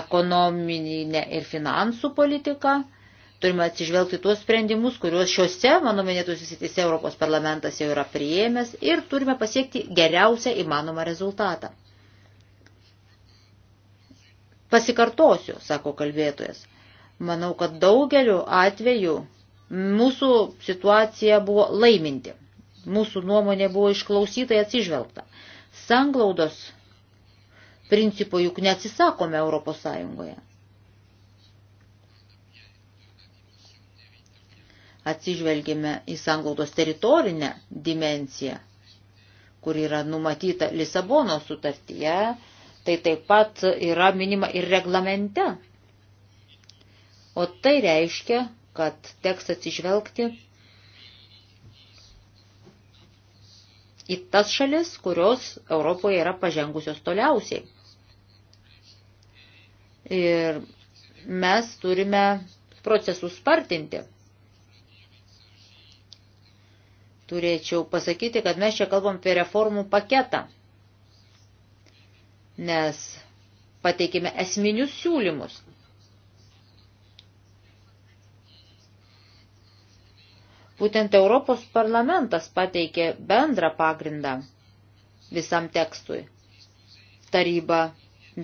ekonominę ir finansų politiką Turime atsižvelgti tuos sprendimus, kuriuos šiuose, mano minėtose sitise, Europos parlamentas jau yra priėmęs ir turime pasiekti geriausią įmanomą rezultatą. Pasikartosiu, sako kalbėtojas. Manau, kad daugeliu atveju mūsų situacija buvo laiminti. Mūsų nuomonė buvo išklausytai atsižvelgta. Sanglaudos principo juk neatsisakome Europos Sąjungoje. atsižvelgėme į sanglaudos teritorinę dimenciją, kur yra numatyta Lisabono sutartyje, tai taip pat yra minima ir reglamente. O tai reiškia, kad teks atsižvelgti į tas šalis, kurios Europoje yra pažengusios toliausiai. Ir mes turime procesus spartinti. turėčiau pasakyti, kad mes čia kalbam apie reformų paketą, nes pateikime esminius siūlymus. Būtent Europos parlamentas pateikė bendrą pagrindą visam tekstui. Taryba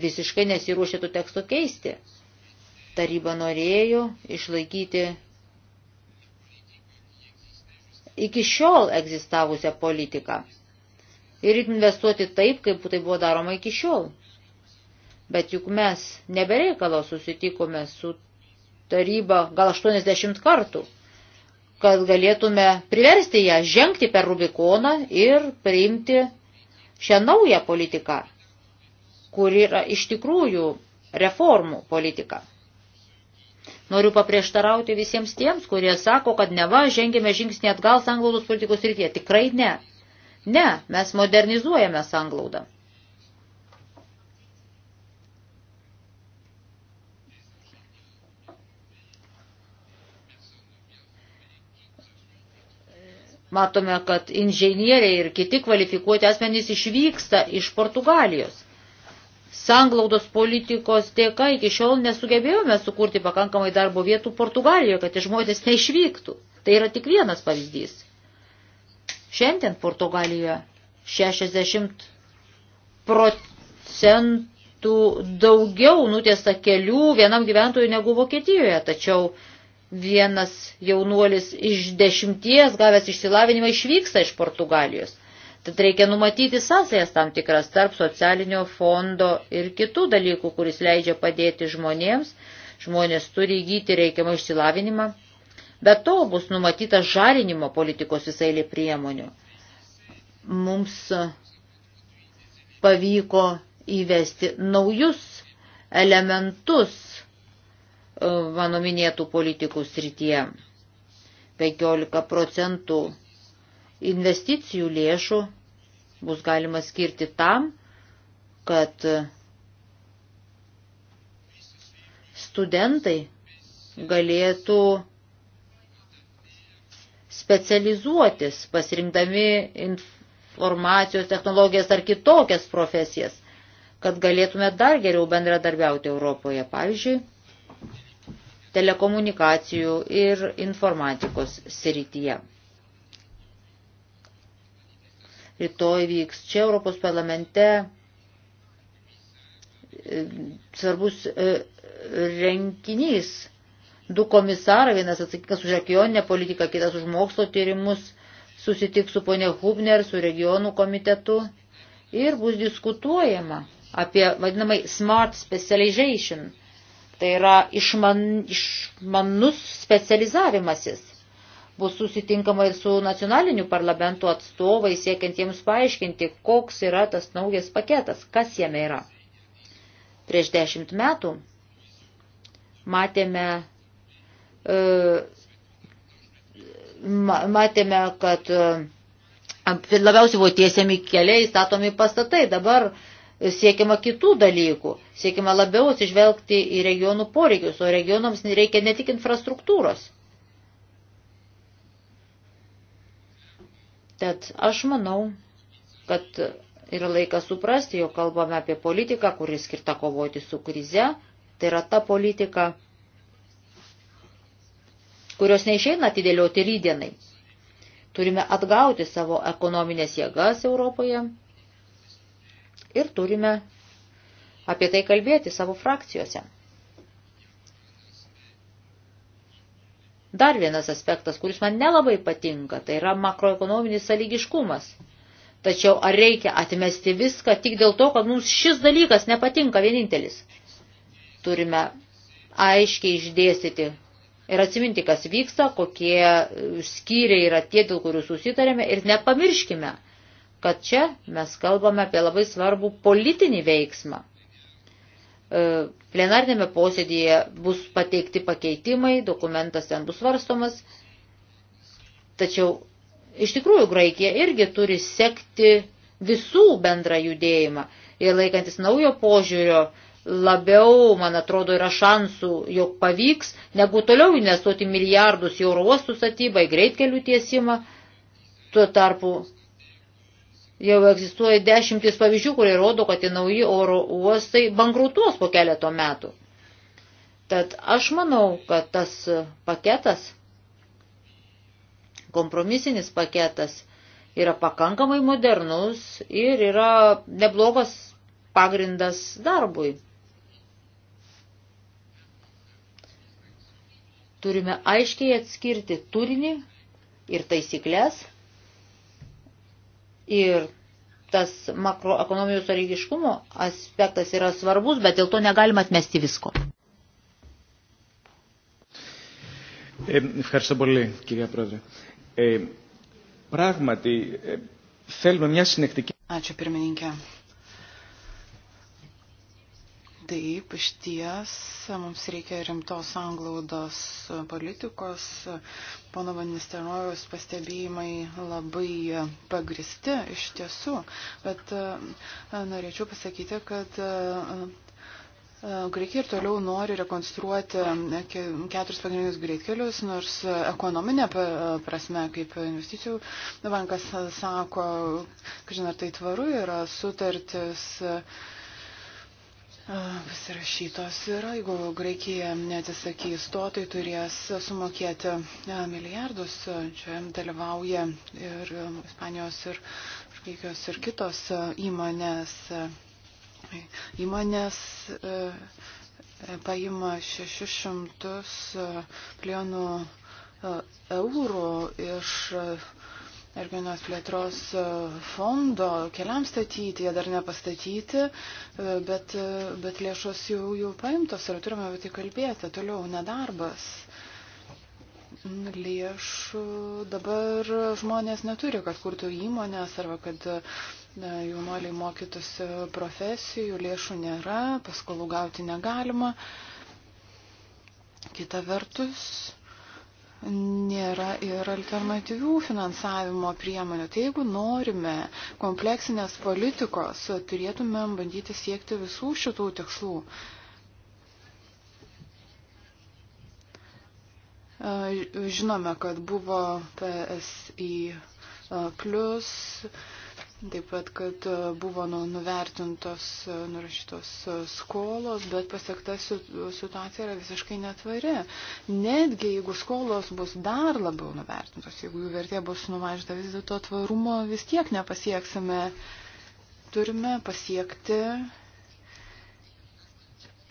visiškai nesiruošė tų tekstų keisti. Taryba norėjo išlaikyti iki šiol egzistavusią politiką ir investuoti taip, kaip tai buvo daroma iki šiol. Bet juk mes nebereikalo susitikome su taryba gal 80 kartų, kad galėtume priversti ją žengti per Rubikoną ir priimti šią naują politiką, kuri yra iš tikrųjų reformų politika. Noriu paprieštarauti visiems tiems, kurie sako, kad neva žengėme žingsnį atgal sanglaudos politikos rytyje. Tikrai ne. Ne, mes modernizuojame sanglaudą. Matome, kad inžinieriai ir kiti kvalifikuoti asmenys išvyksta iš Portugalijos sanglaudos politikos dėka iki šiol nesugebėjome sukurti pakankamai darbo vietų Portugalijoje, kad žmonės neišvyktų. Tai yra tik vienas pavyzdys. Šiandien Portugalijoje 60 procentų daugiau nutiesta kelių vienam gyventojui negu Vokietijoje, tačiau vienas jaunuolis iš dešimties gavęs išsilavinimą išvyksta iš Portugalijos. Tad reikia numatyti sąsajas tam tikras tarp socialinio fondo ir kitų dalykų, kuris leidžia padėti žmonėms. Žmonės turi įgyti reikiamą išsilavinimą. Be to bus numatyta žalinimo politikos visailė priemonių. Mums pavyko įvesti naujus elementus uh, mano minėtų politikų srityje. 15 procentų investicijų lėšų bus galima skirti tam, kad studentai galėtų specializuotis, pasirinkdami informacijos technologijas ar kitokias profesijas, kad galėtume dar geriau bendradarbiauti Europoje, pavyzdžiui, telekomunikacijų ir informatikos srityje rytoj vyks čia Europos parlamente e, svarbus e, renginys. Du komisarai, vienas atsakingas už regioninę politiką, kitas už mokslo tyrimus, susitiks su ponė Hubner, su regionų komitetu ir bus diskutuojama apie vadinamai smart specialization. Tai yra išman, išmanus specializavimasis bus susitinkama ir su nacionaliniu parlamentu atstovai, siekiant jiems paaiškinti, koks yra tas naujas paketas, kas jame yra. Prieš dešimt metų matėme, e, matėme kad e, labiausiai buvo tiesiami keliai, statomi pastatai, dabar siekiama kitų dalykų, siekiama labiau atsižvelgti į regionų poreikius, o regionams reikia ne tik infrastruktūros Tad aš manau, kad yra laikas suprasti, jog kalbame apie politiką, kuri skirta kovoti su krize. Tai yra ta politika, kurios neišeina atidėlioti rydienai. Turime atgauti savo ekonominės jėgas Europoje ir turime apie tai kalbėti savo frakcijose. Dar vienas aspektas, kuris man nelabai patinka, tai yra makroekonominis sąlygiškumas. Tačiau ar reikia atmesti viską tik dėl to, kad mums šis dalykas nepatinka vienintelis? Turime aiškiai išdėstyti ir atsiminti, kas vyksta, kokie skyriai yra tie, dėl kurių susitarėme ir nepamirškime, kad čia mes kalbame apie labai svarbų politinį veiksmą E, plenarnėme posėdėje bus pateikti pakeitimai, dokumentas ten bus varstomas. Tačiau iš tikrųjų Graikija irgi turi sekti visų bendrą judėjimą. Ir laikantis naujo požiūrio labiau, man atrodo, yra šansų, jog pavyks, negu toliau investuoti milijardus į oro uostų statybą, į greitkelių tiesimą. Tuo tarpu Jau egzistuoja dešimtis pavyzdžių, kurie rodo, kad tie nauji oro uostai bankrutuos po keleto metų. Tad aš manau, kad tas paketas, kompromisinis paketas, yra pakankamai modernus ir yra neblogas pagrindas darbui. Turime aiškiai atskirti turinį ir taisyklės Ir tas makroekonominio sąlygiškumo aspektas yra svarbus, bet dėl to negalima atmesti visko. E, Ευχαριστώ πολύ, κυρία Πρόεδρε. Ε, πράγματι, ε, θέλουμε μια συνεκτική... Ačiū, pirmininkė. Taip, iš ties, mums reikia rimtos anglaudos politikos. Pono Vanisterojus pastebėjimai labai pagristi iš tiesų, bet e, norėčiau pasakyti, kad e, e, Graikija ir toliau nori rekonstruoti keturis pagrindinius greitkelius, nors ekonominė prasme, kaip investicijų bankas sako, kažin ar tai tvaru yra sutartis pasirašytos yra. Jeigu Graikija neatsisakys to, tai turės sumokėti milijardus. Čia dalyvauja ir Ispanijos, ir Graikijos, ir kitos įmonės. Įmonės paima 600 milijonų eurų iš Ergenos plėtros e, fondo keliams statyti, jie dar nepastatyti, e, bet, e, bet lėšos jau, jau paimtos ir turime apie tai kalbėti. Toliau nedarbas. Lėšų dabar žmonės neturi, kad kurtų įmonės arba kad jaunuoliai mokytųsi profesijų, lėšų nėra, paskolų gauti negalima. Kita vertus, nėra ir alternatyvių finansavimo priemonių. Tai jeigu norime kompleksinės politikos, turėtumėm bandyti siekti visų šitų tikslų. E, žinome, kad buvo PSI plus Taip pat, kad e, buvo nu, nuvertintos e, nurašytos e, skolos, bet pasiekta situacija yra visiškai netvari. Netgi jeigu skolos bus dar labiau nuvertintos, jeigu jų vertė bus numažinta, vis dėlto tvarumo vis tiek nepasieksime. Turime pasiekti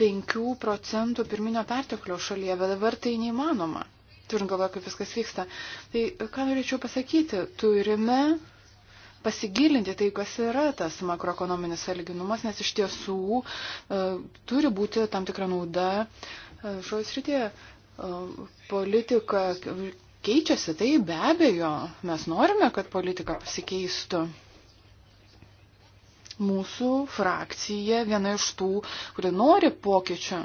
5 procentų pirminio perteklio šalyje, bet dabar tai neįmanoma. Turint galvoje, kaip viskas vyksta. Tai ką norėčiau pasakyti, turime pasigilinti tai, kas yra tas makroekonominis sąlyginumas, nes iš tiesų e, turi būti tam tikra nauda e, šioje srityje. E, politika keičiasi, tai be abejo, mes norime, kad politika pasikeistų mūsų frakcija viena iš tų, kuri nori pokyčių,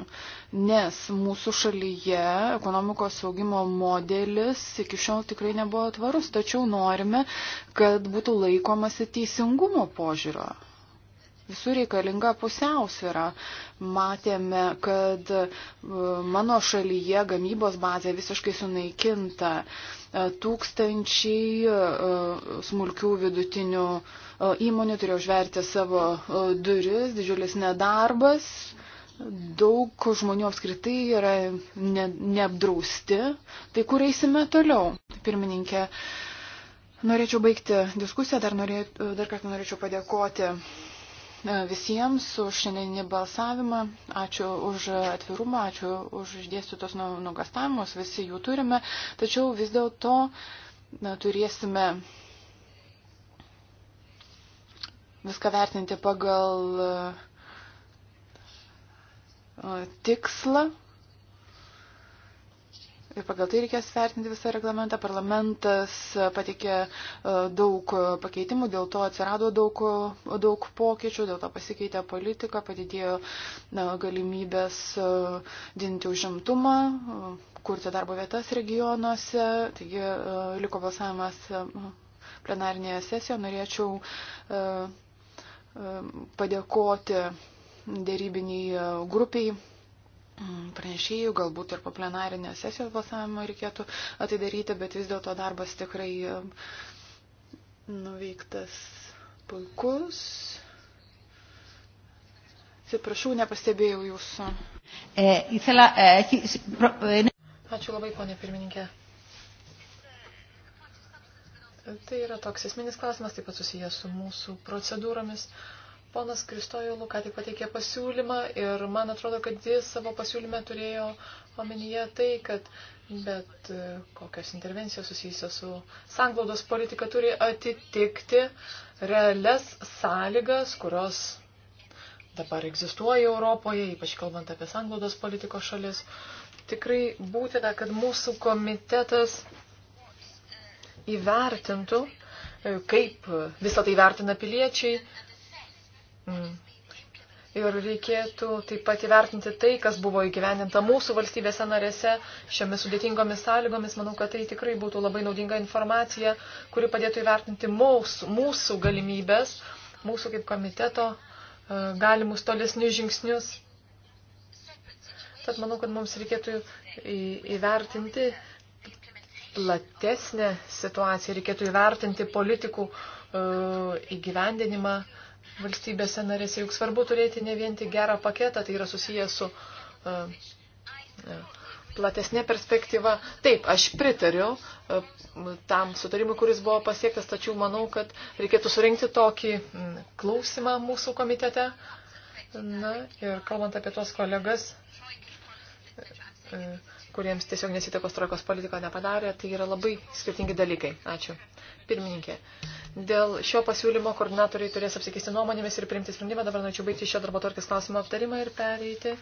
nes mūsų šalyje ekonomikos augimo modelis iki šiol tikrai nebuvo tvarus, tačiau norime, kad būtų laikomasi teisingumo požiūrio. Visur reikalinga pusiausvėra. Matėme, kad e, mano šalyje gamybos bazė visiškai sunaikinta. E, tūkstančiai e, smulkių vidutinių įmonių turėjo užverti savo duris, didžiulis nedarbas. Daug žmonių apskritai yra ne, neapdrausti. Tai kur eisime toliau, pirmininkė? Norėčiau baigti diskusiją, dar, norė, dar kartą norėčiau padėkoti E, visiems už šiandieninį balsavimą. Ačiū už atvirumą, ačiū už išdėstytos nugastavimus, visi jų turime. Tačiau vis dėlto turėsime viską vertinti pagal e, tikslą Ir pagal tai reikės vertinti visą reglamentą. Parlamentas patikė e, daug pakeitimų, dėl to atsirado daug, daug pokyčių, dėl to pasikeitė politika, padidėjo na, galimybės e, dinti užimtumą, e, kurti darbo vietas regionuose. Taigi liko balsavimas plenarinėje sesijoje. Norėčiau padėkoti dėrybiniai grupiai Mm, pranešėjų, galbūt ir po plenarinės sesijos balsavimo reikėtų atidaryti, bet vis dėlto darbas tikrai mm, nuveiktas puikus. Atsiprašau, nepastebėjau jūsų. E, e, e, Ačiū labai, ponė pirmininkė. Tai yra toks esminis klausimas, taip pat susijęs su mūsų procedūromis. Uh, Ponas Kristojulų ką tik pateikė pasiūlymą ir man atrodo, kad jis savo pasiūlyme turėjo omenyje tai, kad bet e, kokios intervencijos susijusios su sanglaudos politika turi atitikti realias sąlygas, kurios dabar egzistuoja Europoje, ypač kalbant apie sanglaudos politikos šalis. Tikrai būtina, kad mūsų komitetas įvertintų, e, kaip visą tai vertina piliečiai, Mm. Ir reikėtų taip pat įvertinti tai, kas buvo įgyvendinta mūsų valstybėse narėse šiomis sudėtingomis sąlygomis. Manau, kad tai tikrai būtų labai naudinga informacija, kuri padėtų įvertinti mūsų, mūsų galimybės, mūsų kaip komiteto e, galimus tolesnius žingsnius. Tad manau, kad mums reikėtų įvertinti platesnę situaciją, reikėtų įvertinti politikų e, įgyvendinimą. Uh, valstybėse narėse. Juk svarbu turėti ne vien tik gerą paketą, tai yra susijęs su uh, uh, platesnė perspektyva. Taip, aš pritariu uh, tam sutarimui, kuris buvo pasiektas, tačiau manau, kad reikėtų surinkti tokį um, klausimą mūsų komitete. Na ir kalbant apie tuos kolegas. Uh, uh, kuriems tiesiog nesitakos trojkos politika nepadarė, tai yra labai skirtingi dalykai. Ačiū. Pirmininkė. Dėl šio pasiūlymo koordinatoriai turės apsikeisti nuomonėmis ir priimti sprendimą. Dabar norėčiau baigti šio darbo tvarkės klausimo aptarimą ir pereiti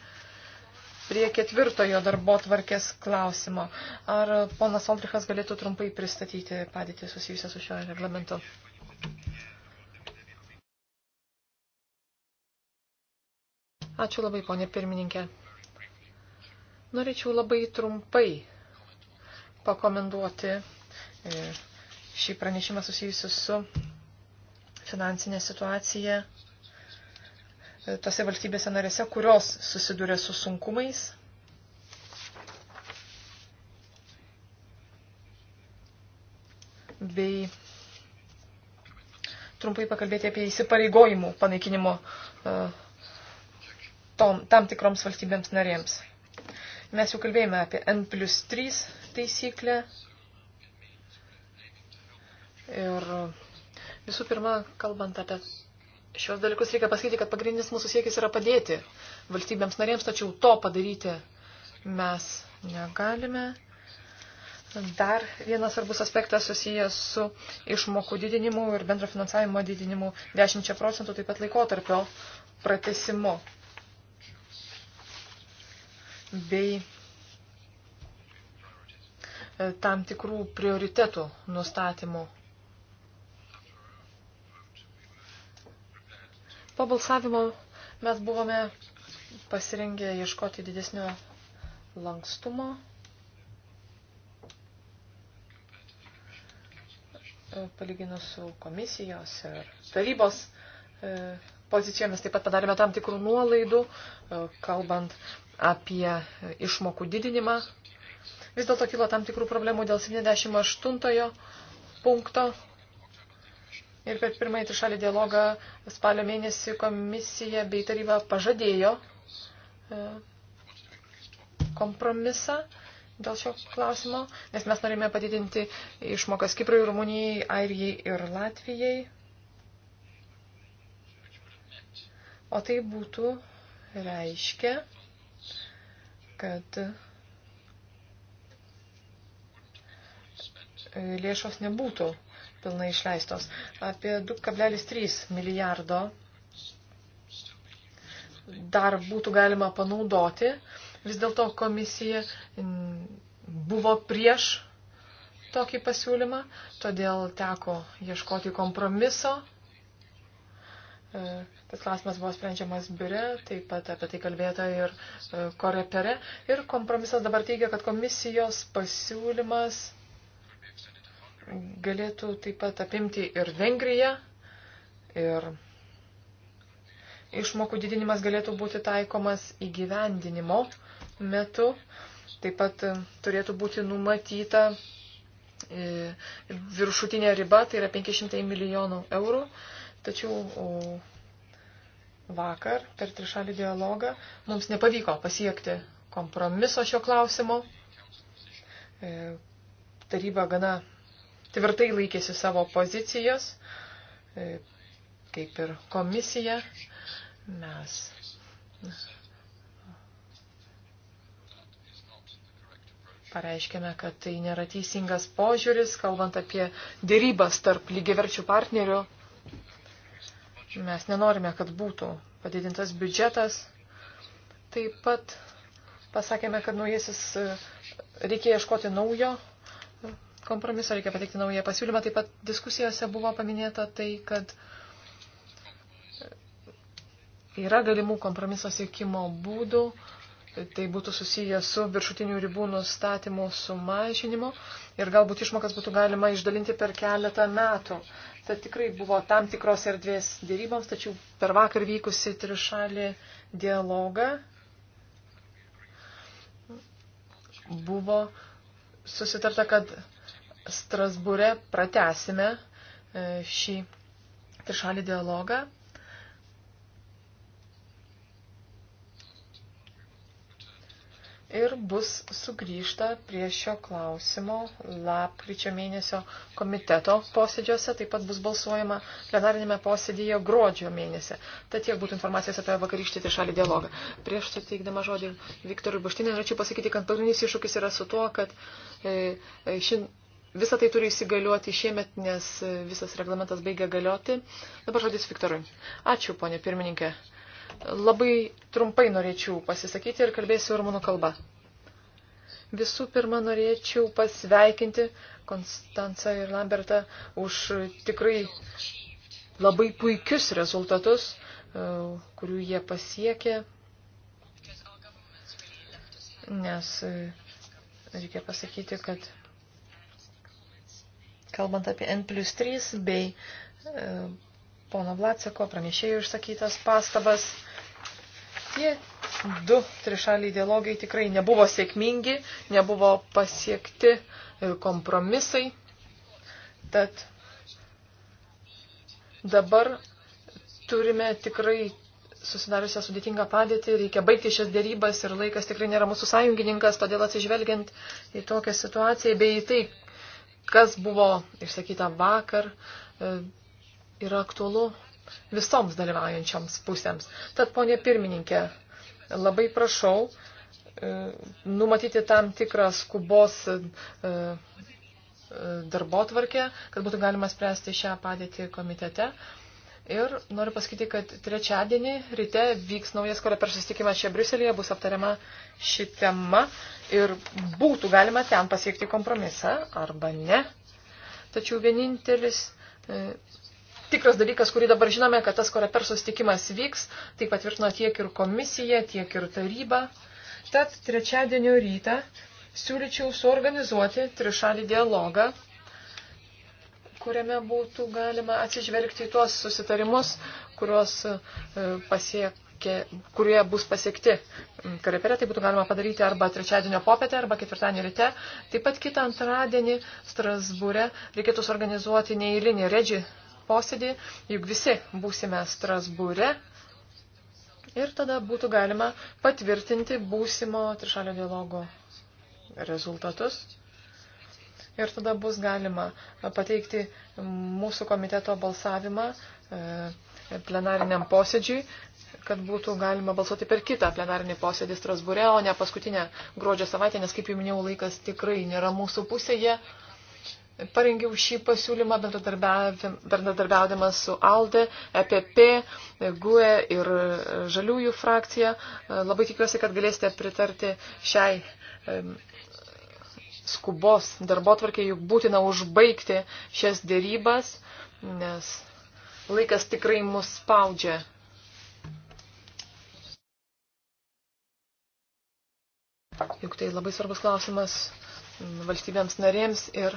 prie ketvirtojo darbo tvarkės klausimo. Ar ponas Albrichas galėtų trumpai pristatyti padėtį susijusią su šio reglamentu? Ačiū labai, ponė pirmininkė. Norėčiau labai trumpai pakomenduoti e, šį pranešimą susijusiu su finansinė situacija e, tose valstybėse narėse, kurios susiduria su sunkumais. Bei trumpai pakalbėti apie įsipareigojimų panaikinimo e, tom, tam tikroms valstybėms narėms. Mes jau kalbėjome apie N plus 3 taisyklę. Ir visų pirma, kalbant apie šios dalykus, reikia pasakyti, kad pagrindinis mūsų siekis yra padėti valstybėms narėms, tačiau to padaryti mes negalime. Dar vienas svarbus aspektas susijęs su išmokų didinimu ir bendro finansavimo didinimu 10 procentų, taip pat laikotarpio pratesimu bei e, tam tikrų prioritetų nustatymų. Po balsavimo mes buvome pasirengę ieškoti didesnio lankstumo. E, palyginus su komisijos ir tarybos e, pozicijomis taip pat padarėme tam tikrų nuolaidų, kalbant apie išmokų didinimą. Vis dėlto kilo tam tikrų problemų dėl 78 punkto. Ir per pirmąjį trišalį dialogą spalio mėnesį komisija bei taryba pažadėjo e, kompromisą dėl šio klausimo, nes mes norime padidinti išmokas Kiprui, Rumunijai, Airijai ir Latvijai. O tai būtų reiškia, kad lėšos nebūtų pilnai išleistos. Apie 2,3 milijardo dar būtų galima panaudoti. Vis dėlto komisija buvo prieš tokį pasiūlymą, todėl teko ieškoti kompromiso. E, Tas klausimas buvo sprendžiamas biure, taip pat apie tai kalbėta ir e, korepere. Ir kompromisas dabar teigia, kad komisijos pasiūlymas galėtų taip pat apimti ir Vengriją. Ir išmokų didinimas galėtų būti taikomas įgyvendinimo metu. Taip pat e, turėtų būti numatyta e, viršutinė riba, tai yra 500 milijonų eurų. Tačiau Vakar per trišalį dialogą mums nepavyko pasiekti kompromiso šio klausimu. E, taryba gana tvirtai laikėsi savo pozicijos, e, kaip ir komisija. Mes pareiškėme, kad tai nėra teisingas požiūris, kalbant apie dėrybas tarp lygiaverčių partnerių Mes nenorime, kad būtų padidintas biudžetas. Taip pat pasakėme, kad naujasis e, reikia ieškoti naujo kompromiso, reikia pateikti naują pasiūlymą. Taip pat diskusijose buvo paminėta tai, kad yra galimų kompromiso siekimo būdų, tai būtų susiję su viršutinių ribų nustatymu sumažinimu ir galbūt išmokas būtų galima išdalinti per keletą metų. Tai tikrai buvo tam tikros erdvės dėryboms, tačiau per vakar vykusi trišalį dialogą buvo susitarta, kad Strasbūre pratesime e, šį trišalį dialogą ir bus sugrįžta prie šio klausimo lapkričio mėnesio komiteto posėdžiuose, taip pat bus balsuojama plenarinėme posėdėje gruodžio mėnesį. Tad tiek būtų informacijos apie vakarykštį trišalį dialogą. Prieš suteikdama žodį Viktorui Baštinė, norėčiau pasakyti, kad pagrindinis iššūkis yra su tuo, kad e, e ši, visą tai turi įsigaliuoti šiemet, nes e, visas reglamentas baigia galioti. Dabar žodis Viktorui. Ačiū, ponė pirmininkė. Labai trumpai norėčiau pasisakyti ir kalbėsiu rumunų kalba. Visų pirma, norėčiau pasveikinti Konstanciją ir Lambertą už tikrai labai puikius rezultatus, e, kurių jie pasiekė. Nes e, reikia pasakyti, kad kalbant apie N plus 3 bei e, pono Vlaceko pranešėjų išsakytas pastabas. Tie du trišaliai dialogai tikrai nebuvo sėkmingi, nebuvo pasiekti e, kompromisai. Tad dabar turime tikrai susidariusią sudėtingą padėtį, reikia baigti šias dėrybas ir laikas tikrai nėra mūsų sąjungininkas, todėl atsižvelgiant į tokią situaciją bei į tai, kas buvo išsakyta vakar, e, yra aktualu visoms dalyvaujančioms pusėms. Tad, ponė pirmininkė, labai prašau e, numatyti tam tikrą skubos e, e, darbo tvarkę, kad būtų galima spręsti šią padėtį komitete. Ir noriu pasakyti, kad trečiadienį ryte vyks naujas koreper susitikimas čia Briuselėje, bus aptariama ši tema ir būtų galima ten pasiekti kompromisą arba ne. Tačiau vienintelis tikras dalykas, kurį dabar žinome, kad tas koreper sustikimas vyks, tai patvirtino tiek ir komisija, tiek ir taryba. Tad trečiadienio rytą siūlyčiau suorganizuoti trišalį dialogą, kuriame būtų galima atsižvelgti į tuos susitarimus, kuriuos e, pasiekė, kurie bus pasiekti karepere, tai būtų galima padaryti arba trečiadienio popietę, arba ketvirtadienio ryte. Taip pat kitą antradienį Strasbūre reikėtų suorganizuoti neįlinį redžį posėdį, juk visi būsime Strasbūre. Ir tada būtų galima patvirtinti būsimo trišalio dialogo rezultatus. Ir tada bus galima pateikti mūsų komiteto balsavimą e, plenariniam posėdžiui, kad būtų galima balsuoti per kitą plenarinį posėdį Strasbūre, o ne paskutinę gruodžio savaitę, nes, kaip jau minėjau, laikas tikrai nėra mūsų pusėje parengiau šį pasiūlymą bendradarbiaudama su ALDE, EPP, GUE ir Žaliųjų frakcija. Labai tikiuosi, kad galėsite pritarti šiai skubos darbo tvarkė, juk būtina užbaigti šias dėrybas, nes laikas tikrai mus spaudžia. Juk tai labai svarbus klausimas valstybėms narėms ir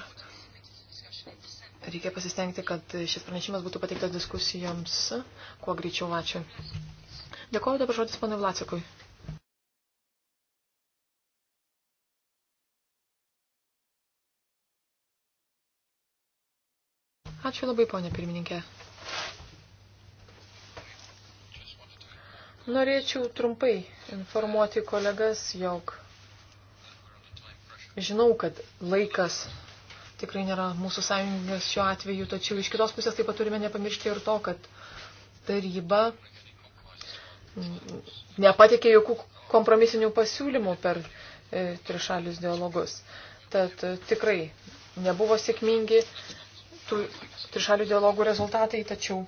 Reikia pasistengti, kad šis pranešimas būtų pateiktas diskusijoms kuo greičiau. Ačiū. Dėkuoju dabar žodis panai Vlacikui. Ačiū labai, ponė pirmininkė. Norėčiau trumpai informuoti kolegas, jog žinau, kad laikas tikrai nėra mūsų sąjungas šiuo atveju, tačiau iš kitos pusės taip pat turime nepamiršti ir to, kad taryba nepatikė jokių kompromisinių pasiūlymų per e, trišalius dialogus. Tad e, tikrai nebuvo sėkmingi tų trišalių dialogų rezultatai, tačiau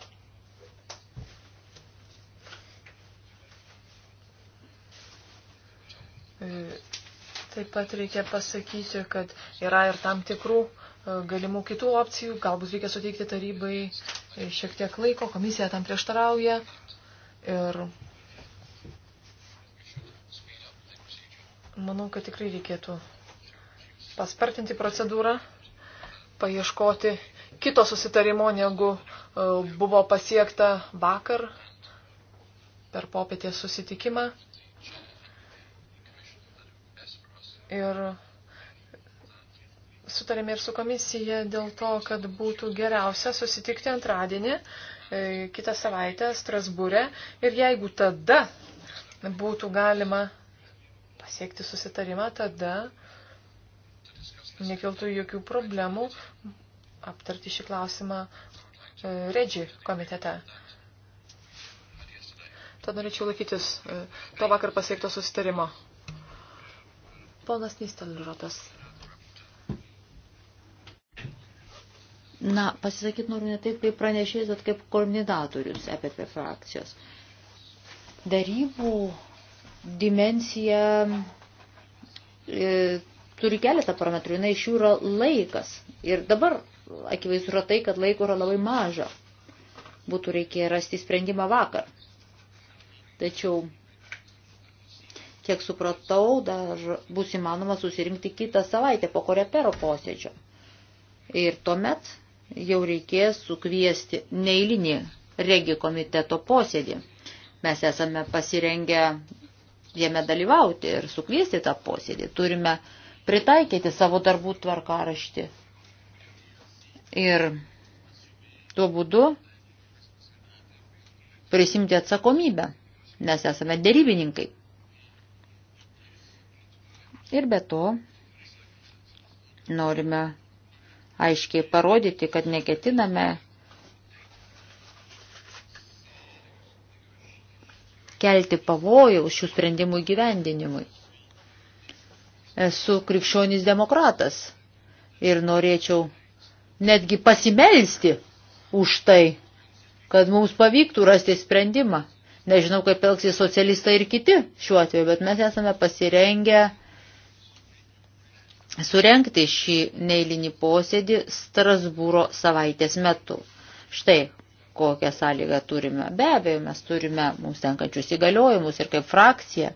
e, taip pat reikia pasakyti, kad yra ir tam tikrų e, galimų kitų opcijų, galbūt reikia suteikti tarybai šiek tiek laiko, komisija tam prieštarauja. Ir manau, kad tikrai reikėtų paspartinti procedūrą, paieškoti kito susitarimo, negu e, buvo pasiekta vakar per popietės susitikimą. Ir sutarėme ir su komisija dėl to, kad būtų geriausia susitikti antradienį, e, kitą savaitę Strasbūrė ir jeigu tada būtų galima pasiekti susitarimą, tada nekiltų jokių problemų aptarti šį klausimą e, Regi komitete. Tad norėčiau laikytis e, to vakar pasiekto susitarimo. Ponas Nistelrotas. Na, pasisakyti noriu ne taip kaip pranešėjas, bet kaip koordinatorius EPP frakcijos. Darybų dimensija e, turi keletą parametrų, jinai iš jų yra laikas. Ir dabar akivaizdu yra tai, kad laiko yra labai maža. Būtų reikėję rasti sprendimą vakar. Tačiau, kiek supratau, dar bus įmanoma susirinkti kitą savaitę po korepero posėdžio. Ir tuomet jau reikės sukviesti neįlinį regi komiteto posėdį. Mes esame pasirengę jame dalyvauti ir sukviesti tą posėdį. Turime pritaikyti savo darbų tvarkaraštį. Ir tuo būdu prisimti atsakomybę. Mes esame dėrybininkai. Ir be to norime aiškiai parodyti, kad neketiname kelti pavojaus šių sprendimų gyvendinimui. Esu krikščionis demokratas ir norėčiau netgi pasimelsti už tai, kad mums pavyktų rasti sprendimą. Nežinau, kaip elgsis socialistai ir kiti šiuo atveju, bet mes esame pasirengę uh, surenkti šį neįlinį posėdį Strasbūro savaitės metu. Štai kokią sąlygą turime. Be abejo, mes turime mums tenkančius įgaliojimus ir kaip frakcija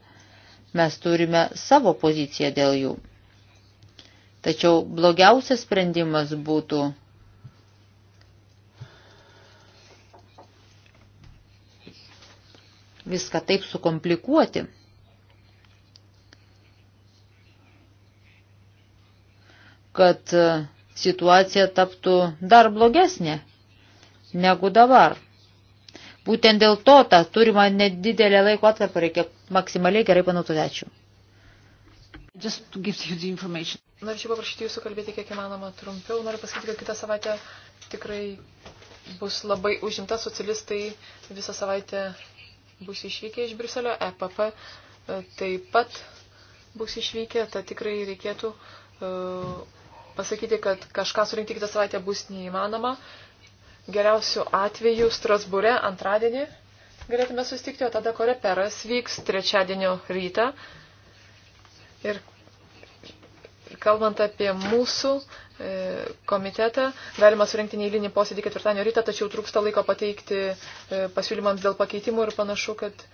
mes turime savo poziciją dėl jų. Tačiau blogiausias sprendimas būtų viską taip sukomplikuoti. kad e, situacija taptų dar blogesnė negu dabar. Būtent dėl to tą turimą nedidelę laiko atkarpą reikia maksimaliai gerai panaudoti. Ačiū. Norėčiau paprašyti jūsų kalbėti kiek įmanoma trumpiau. Noriu pasakyti, kad kitą savaitę tikrai bus labai užimta. Socialistai visą savaitę bus išvykę iš Briuselio, EPP e, taip pat bus išvykę, tad tikrai reikėtų uh, pasakyti, kad kažką surinkti kitą savaitę bus neįmanoma. Geriausių atvejų Strasbūre antradienį galėtume sustikti, o tada koreperas vyks trečiadienio rytą. Ir kalbant apie mūsų e, komitetą, galima surinkti neįlinį posėdį ketvirtadienio rytą, tačiau trūksta laiko pateikti e, pasiūlymams dėl pakeitimų ir panašu, kad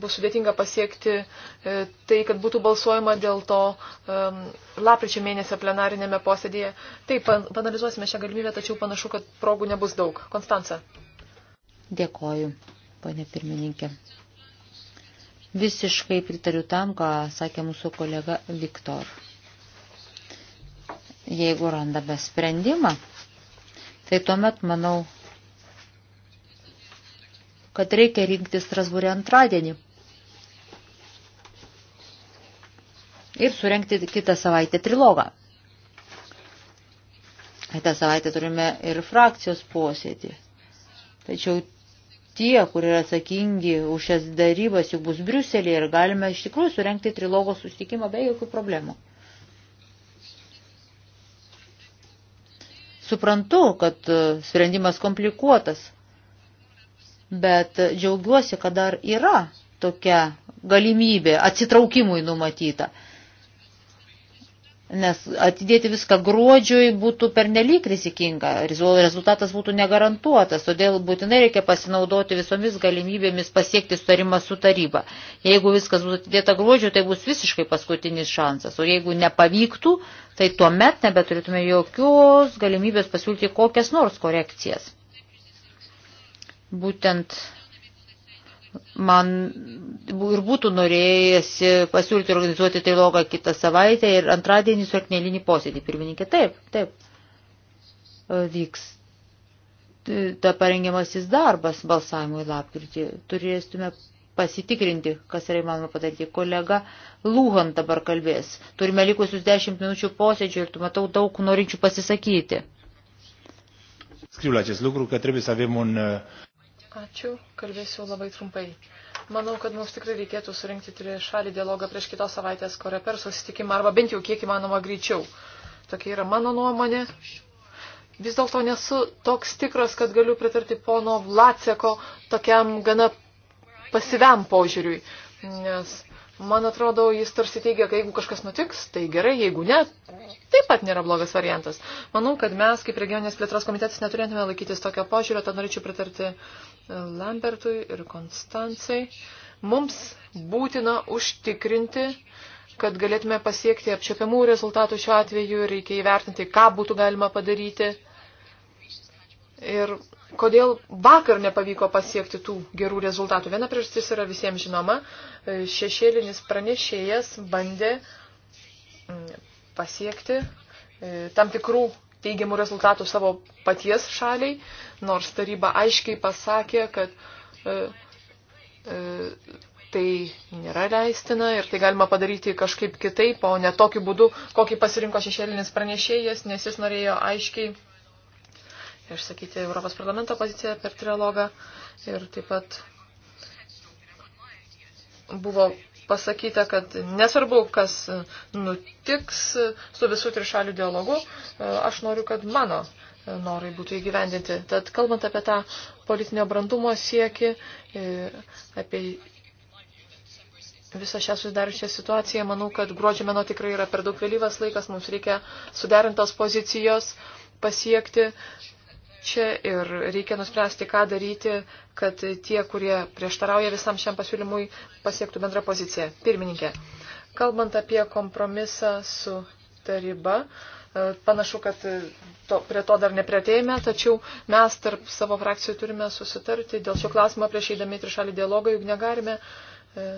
bus sudėtinga pasiekti e, tai, kad būtų balsuojama dėl to um, lapkričio mėnesio plenarinėme posėdėje. Taip, panalizuosime šią galimybę, tačiau panašu, kad progų nebus daug. Konstanca. Dėkoju, ponė pirmininkė. Visiškai pritariu tam, ką sakė mūsų kolega Viktor. Jeigu randame sprendimą, tai tuomet manau, kad reikia rinkti Strasbūrį antradienį. ir surenkti kitą savaitę trilogą. Kitą savaitę turime ir frakcijos posėdį. Tačiau tie, kur yra atsakingi už šias darybas, jau bus Briuselėje ir galime iš tikrųjų surenkti trilogo sustikimą be jokių problemų. Suprantu, kad e, sprendimas komplikuotas, bet džiaugiuosi, kad dar yra tokia galimybė atsitraukimui numatyta. Nes atidėti viską gruodžiui būtų pernelyg rizikinga, rezultatas būtų negarantuotas, todėl būtinai reikia pasinaudoti visomis galimybėmis pasiekti sutarimą su taryba. Jeigu viskas bus atidėta gruodžiui, tai bus visiškai paskutinis šansas, o jeigu nepavyktų, tai tuomet nebeturėtume jokios galimybės pasiūlyti kokias nors korekcijas. Būtent man ir būtų norėjęsi pasiūlyti organizuoti trilogą kitą savaitę ir antradienį su aknelinį posėdį. Pirmininkė, taip, taip, e, vyks ta parengiamasis darbas balsavimui lapkritį. Turėsime pasitikrinti, kas yra įmanoma padaryti. Kolega Lūhan dabar kalbės. Turime likusius 10 minučių posėdžių ir tu matau daug norinčių pasisakyti. Scriu la acest lucru că trebuie să avem un Ačiū, kalbėsiu labai trumpai. Manau, kad mums tikrai reikėtų surinkti trišalį dialogą prieš kitos savaitės koreper susitikimą arba bent jau kiek įmanoma greičiau. Tokia yra mano nuomonė. Vis dėlto nesu toks tikras, kad galiu pritarti pono Vlaceko tokiam gana pasiviam požiūriui. Nes man atrodo, jis tarsi teigia, kad jeigu kažkas nutiks, tai gerai, jeigu ne, taip pat nėra blogas variantas. Manau, kad mes kaip regioninės plėtros komitetas neturėtume laikytis tokio požiūrio, tad norėčiau pritarti Lambertui ir Konstancijai. Mums būtina užtikrinti, kad galėtume pasiekti apčiopiamų rezultatų šiuo atveju, reikia įvertinti, ką būtų galima padaryti ir kodėl vakar nepavyko pasiekti tų gerų rezultatų. Viena priežastis yra visiems žinoma, šešėlinis pranešėjas bandė mm, pasiekti e, tam tikrų teigiamų rezultatų savo paties šaliai, nors taryba aiškiai pasakė, kad e, e, tai nėra leistina ir tai galima padaryti kažkaip kitaip, o ne tokiu būdu, kokį pasirinko šešėlinis pranešėjas, nes jis norėjo aiškiai išsakyti Europos parlamento poziciją per trilogą ir taip pat buvo pasakyta, kad nesvarbu, kas nutiks su visų trišalių dialogu, aš noriu, kad mano norai būtų įgyvendinti. Tad kalbant apie tą politinio brandumo sieki, apie visą šią susidariusią situaciją, manau, kad gruodžio mėno tikrai yra per daug vėlyvas laikas, mums reikia suderintos pozicijos pasiekti čia ir reikia nuspręsti, ką daryti, kad tie, kurie prieštarauja visam šiam pasiūlymui, pasiektų bendrą poziciją. Pirmininkė, kalbant apie kompromisą su taryba, e, panašu, kad to, prie to dar nepretėjame, tačiau mes tarp savo frakcijų turime susitarti dėl šio klausimo prieš eidami trišalį dialogą, juk negalime e,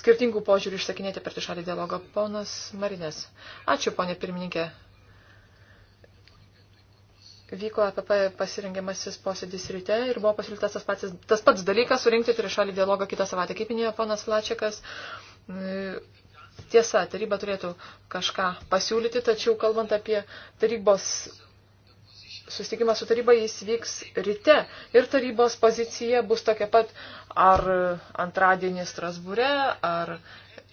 skirtingų požiūrių išsakinėti per trišalį dialogą. Ponas Marinės. Ačiū, ponė pirmininkė vyko APP pasirengiamasis posėdis ryte ir buvo pasiūlytas tas, pats, tas pats dalykas surinkti trišalį dialogą kitą savaitę, kaip minėjo ponas Lačiakas. E, tiesa, taryba turėtų kažką pasiūlyti, tačiau kalbant apie tarybos susitikimas su taryba jis vyks ryte ir tarybos pozicija bus tokia pat ar antradienį Strasbūre, ar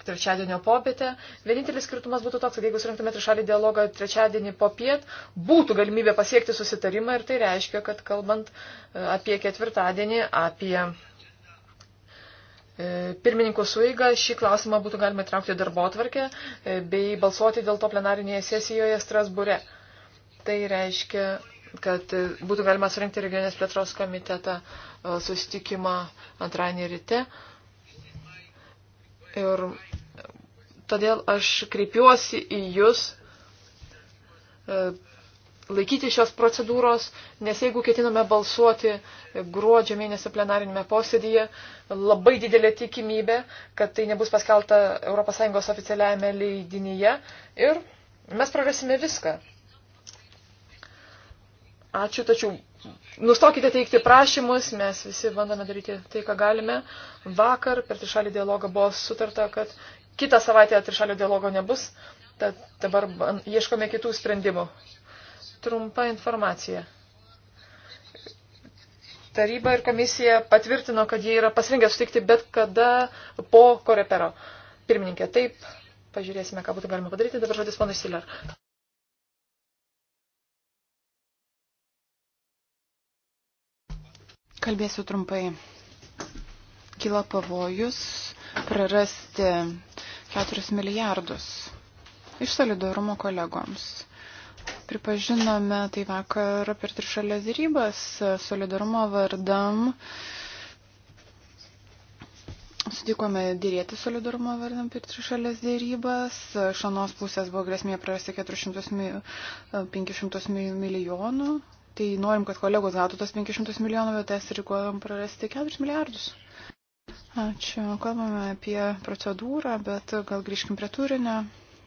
trečiadienio popietę. Vienintelis skirtumas būtų toks, kad jeigu surinktume trišalį dialogą trečiadienį popiet, būtų galimybė pasiekti susitarimą ir tai reiškia, kad kalbant e, apie ketvirtadienį, apie e, pirmininkų suiga, šį klausimą būtų galima įtraukti darbo atvarkę e, bei balsuoti dėl to plenarinėje sesijoje Strasbūre. Tai reiškia, kad būtų galima surinkti regionės plėtros komitetą susitikimą antradienį ryte. Ir Todėl aš kreipiuosi į Jūs e, laikyti šios procedūros, nes jeigu ketiname balsuoti gruodžio mėnesio plenarinėme posėdėje, labai didelė tikimybė, kad tai nebus paskelta ES oficialiajame leidinyje ir mes prarasime viską. Ačiū, tačiau nustokite teikti prašymus, mes visi bandome daryti tai, ką galime. Vakar per trišalį dialogą buvo sutarta, kad kitą savaitę trišalio dialogo nebus, tad dabar ieškome kitų sprendimų. Trumpa informacija. Taryba ir komisija patvirtino, kad jie yra pasirengę sutikti bet kada po korepero. Pirmininkė, taip, pažiūrėsime, ką būtų galima padaryti. Dabar žodis ponas Siller. Kalbėsiu trumpai. Kila pavojus prarasti 4 milijardus iš solidarumo kolegoms. Pripažinome tai vakar per trišalės dėrybas solidarumo vardam. Sutikome dėrėti solidarumo vardam per trišalės dėrybas. Šanos pusės buvo grėsmė prarasti 400-500 milijonų. Tai norim, kad kolegos gautų tas 500 milijonų, bet mes rikuojam prarasti 4 milijardus. Ačiū. Kalbame apie procedūrą, bet gal grįžkim prie turinio.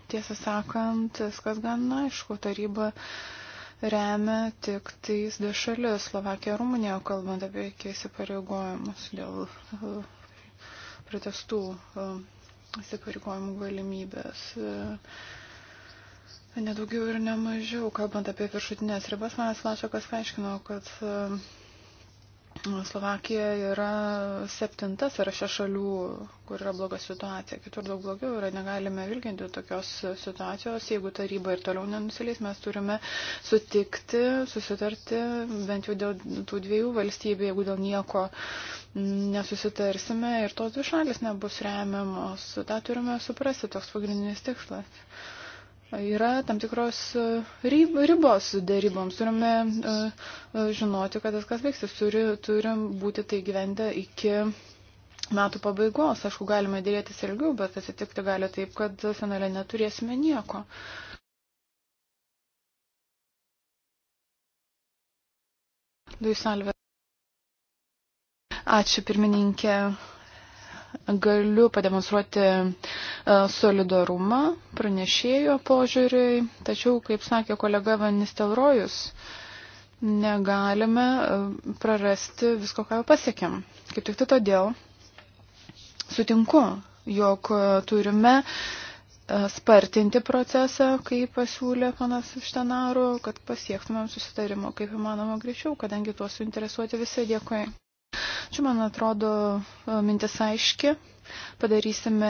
Tiesą sakant, viskas gan aišku. Taryba remia tik tais dvi šalis - Slovakija ir Rumunija, kalbant apie įsipareigojimus dėl e, protestų e, įsipareigojimų galimybės. E, nedaugiau ir nemažiau, kalbant apie viršutinės ribas, manas Lašakas paaiškino, kad Slovakija yra septintas sąraše šalių, kur yra bloga situacija. Kitur daug blogiau yra, negalime vilginti tokios situacijos. Jeigu taryba ir toliau nenusileis, mes turime sutikti, susitarti bent jau dėl tų dviejų valstybių, jeigu dėl nieko nesusitarsime ir tos dvi šalis nebus remiamos. Ta turime suprasti, toks pagrindinis tikslas yra tam tikros e, ribos dėryboms. Turime e, e, žinoti, kad viskas veiksis. Turi, turim būti tai gyventa iki metų pabaigos. Aišku, galime dėrėtis ilgiau, bet atsitikti gali taip, kad finale neturėsime nieko. Dujų salvė. Ačiū pirmininkė galiu pademonstruoti e, solidarumą pranešėjo požiūriui, tačiau, kaip sakė kolega Vanis Telrojus, negalime e, prarasti visko, ką jau pasiekėm. Kaip tik tai todėl sutinku, jog turime e, spartinti procesą, kaip pasiūlė panas Štenaru, kad pasiektumėm susitarimo kaip įmanoma greičiau, kadangi tuos suinteresuoti visi. Dėkui. Čia, man atrodo, e, mintis aiški. Padarysime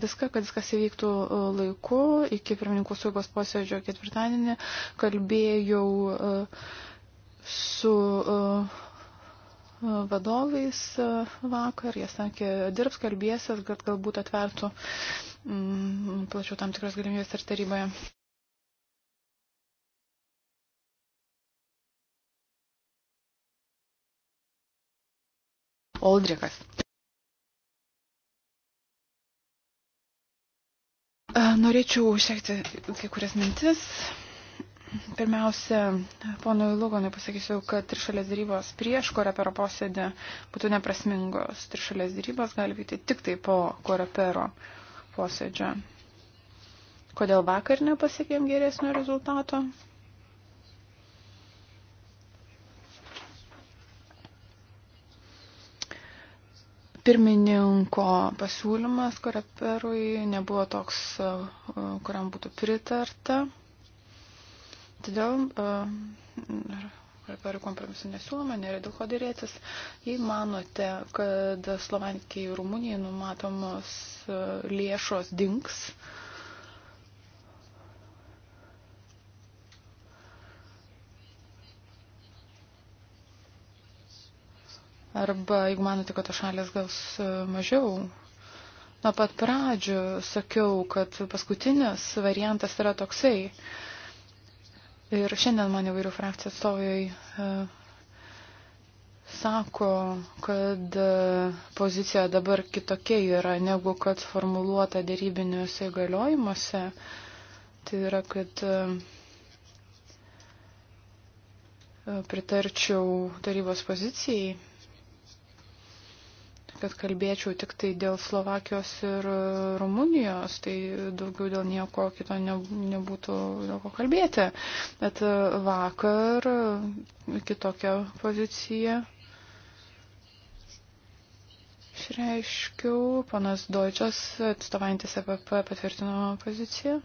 viską, kad viskas įvyktų e, laiku. Iki pirmininkų saugos posėdžio ketvirtadienį kalbėjau e, su vadovais vakar. Jie sakė, dirbs kalbėsis, kad galbūt atvertų mm, plačiau tam tikras galimybės ir taryboje. Oldrikas. Norėčiau užsiekti kai kurias mintis. Pirmiausia, ponui Lugonui pasakysiu, kad trišalės dėrybos prieš korepero posėdį būtų neprasmingos. Trišalės dėrybos gali vykti tik tai po korepero posėdžio. Kodėl vakar nepasiekėm geresnio rezultato? pirmininko pasiūlymas koreperui nebuvo toks, e, kuriam būtų pritarta. Todėl e, koreperui kompromisu nesiūloma, nėra dėl ko dėrėtis. Jei manote, kad Slovakijai ir Rumunijai numatomos e, lėšos dinks, uh, Arba jeigu manote, kad tos šalės gaus e, mažiau, nuo pat pradžių sakiau, kad paskutinis variantas yra toksai. Ir šiandien man įvairių frakcijų atstovai e, sako, kad e, pozicija dabar kitokia yra negu kad formuluota dėrybiniuose įgaliojimuose. Tai yra, kad pritarčiau tarybos pozicijai kad kalbėčiau tik tai dėl Slovakijos ir e, Rumunijos, tai daugiau dėl nieko kito ne, nebūtų dėl ko kalbėti. Bet e, vakar e, kitokią poziciją išreiškiau, panas Dočas, atstovaujantis EPP, patvirtino poziciją.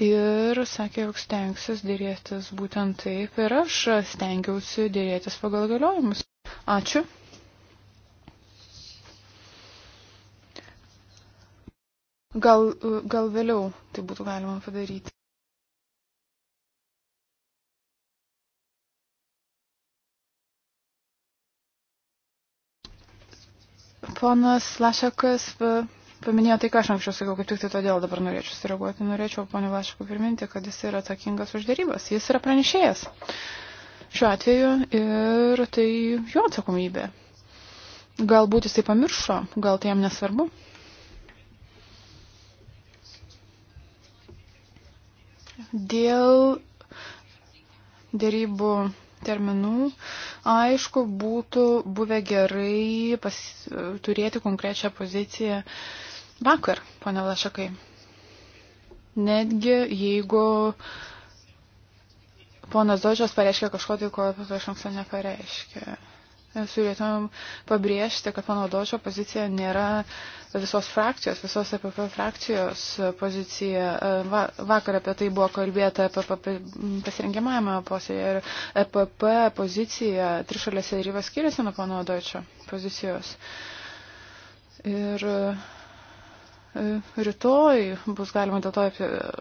Ir sakė, jog stengsis dėrėtis būtent taip ir aš stengiausi dėrėtis pagal galiojimus. Ačiū. Gal, gal vėliau tai būtų galima padaryti. Ponas Lašakas paminėjo tai, ką aš anksčiau sakiau, kaip tik tai todėl dabar norėčiau sureaguoti. Norėčiau ponio Lašakų priminti, kad jis yra atsakingas už dėrybas. Jis yra pranešėjas. Uh, šiuo atveju ir tai jo atsakomybė. Galbūt jisai pamiršo, gal tai jam nesvarbu. Dėl dėrybų terminų, aišku, būtų buvę gerai pas, turėti konkrečią poziciją vakar, pane Lašakai. Netgi jeigu uh, ponas Dožas pareiškė kažkodį, ko prieš anksto nepareiškė. Siūlytumėm pabrėžti, kad mano dožio pozicija nėra visos frakcijos, visos EPP frakcijos pozicija. Va, vakar apie tai buvo kalbėta apie e pasirengiamąjame posėdėje ir EPP pozicija trišalėse rybas skiriasi nuo mano dožio pozicijos. Ir uh, E, rytoj bus galima dėl to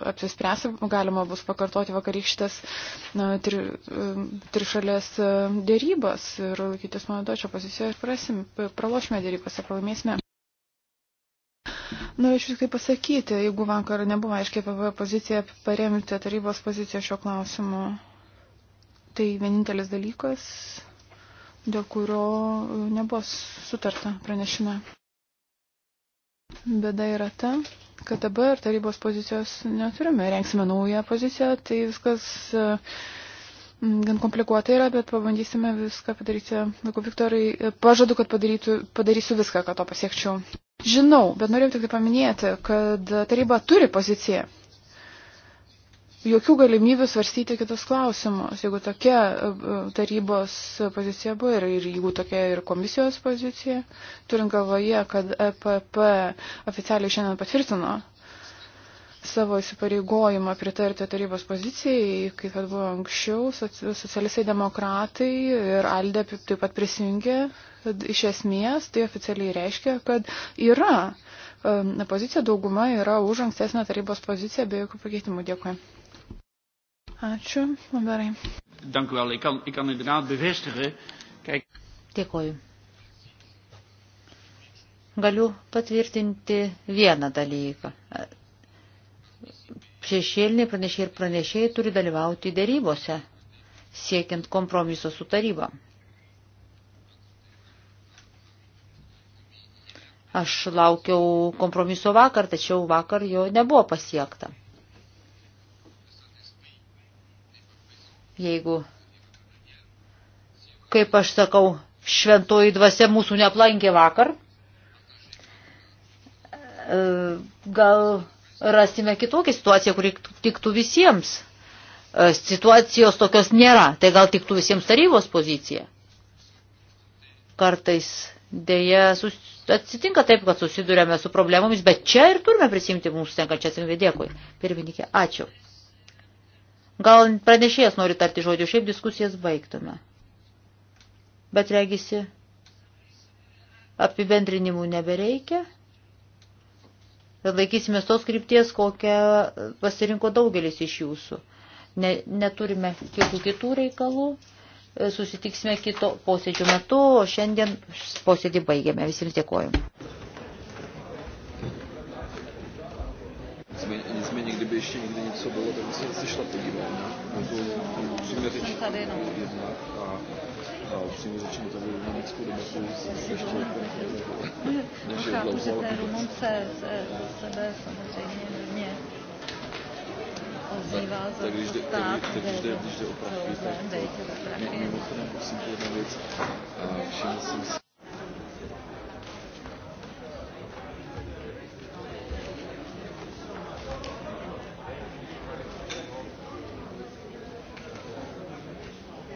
apsispręsti, galima bus pakartoti vakarykštės tri, e, trišalės e, dėrybas ir laikytis mano dočio pozicijoje ir prasim, pralošime dėrybose, pralaimėsime. Norėčiau tik tai pasakyti, jeigu vakar nebuvo aiškiai PVP pozicija paremti tarybos poziciją šio klausimu, tai vienintelis dalykas, dėl kurio nebuvo sutarta pranešime. Bėda yra ta, kad dabar tarybos pozicijos neturime. Renksime naują poziciją, tai viskas e, gan komplikuota yra, bet pabandysime viską padaryti. Laiku, Viktorai, e, pažadu, kad padarytų, padarysiu viską, kad to pasiekčiau. Žinau, bet norėjau tik tai paminėti, kad taryba turi poziciją jokių galimybių svarstyti kitus klausimus, jeigu tokia e, e, tarybos pozicija buvo ir, ir jeigu tokia ir komisijos pozicija, turint galvoje, kad EPP oficialiai šiandien patvirtino savo įsipareigojimą pritarti tarybos pozicijai, kaip kad buvo anksčiau, socialistai demokratai ir Aldė taip pat prisijungė, kad iš esmės tai oficialiai reiškia, kad yra e, pozicija, dauguma yra už ankstesnę tarybos poziciją be jokių pakeitimų. Dėkui. Ačiū, Lamberai. Dank u wel. Ik kan, ik kan inderdaad bevestigen. Kijk. Dėkoju. Galiu patvirtinti vieną dalyką. Šešėliniai pranešiai ir pranešėjai turi dalyvauti dėrybose, siekiant kompromiso su taryba. Aš laukiau kompromiso vakar, tačiau vakar jo nebuvo pasiekta. Jeigu, kaip aš sakau, šventoji dvasia mūsų neaplankė vakar, e, gal rasime kitokią situaciją, kuri tiktų visiems. E, situacijos tokios nėra, tai gal tiktų visiems tarybos pozicija. Kartais dėja sus... atsitinka taip, kad susidurėme su problemomis, bet čia ir turime prisimti mūsų tenkančias dėkui. Pirmininkė, ačiū. Gal pranešėjas nori tarti žodžių, šiaip diskusijas baigtume. Bet regisi, apibendrinimų nebereikia. Ir laikysime tos krypties, kokią pasirinko daugelis iš jūsų. Ne, neturime kitų kitų reikalų. Susitiksime kito posėdžio metu, o šiandien posėdį baigėme. Visiems dėkojame. Nicméně, nicméně kdyby ještě někdy něco bylo, tak by se zase šla podívat na, na tu upřímně řečeno a, a upřímně řečeno tady rumuneckou debatu ještě než je Chápu, že té Rumunce se, sebe samozřejmě hodně ozývá za tak, když jde, stát, tak, když jde, když jde o prachy, tak to, mimochodem, prosím, jedna věc, všiml jsem si,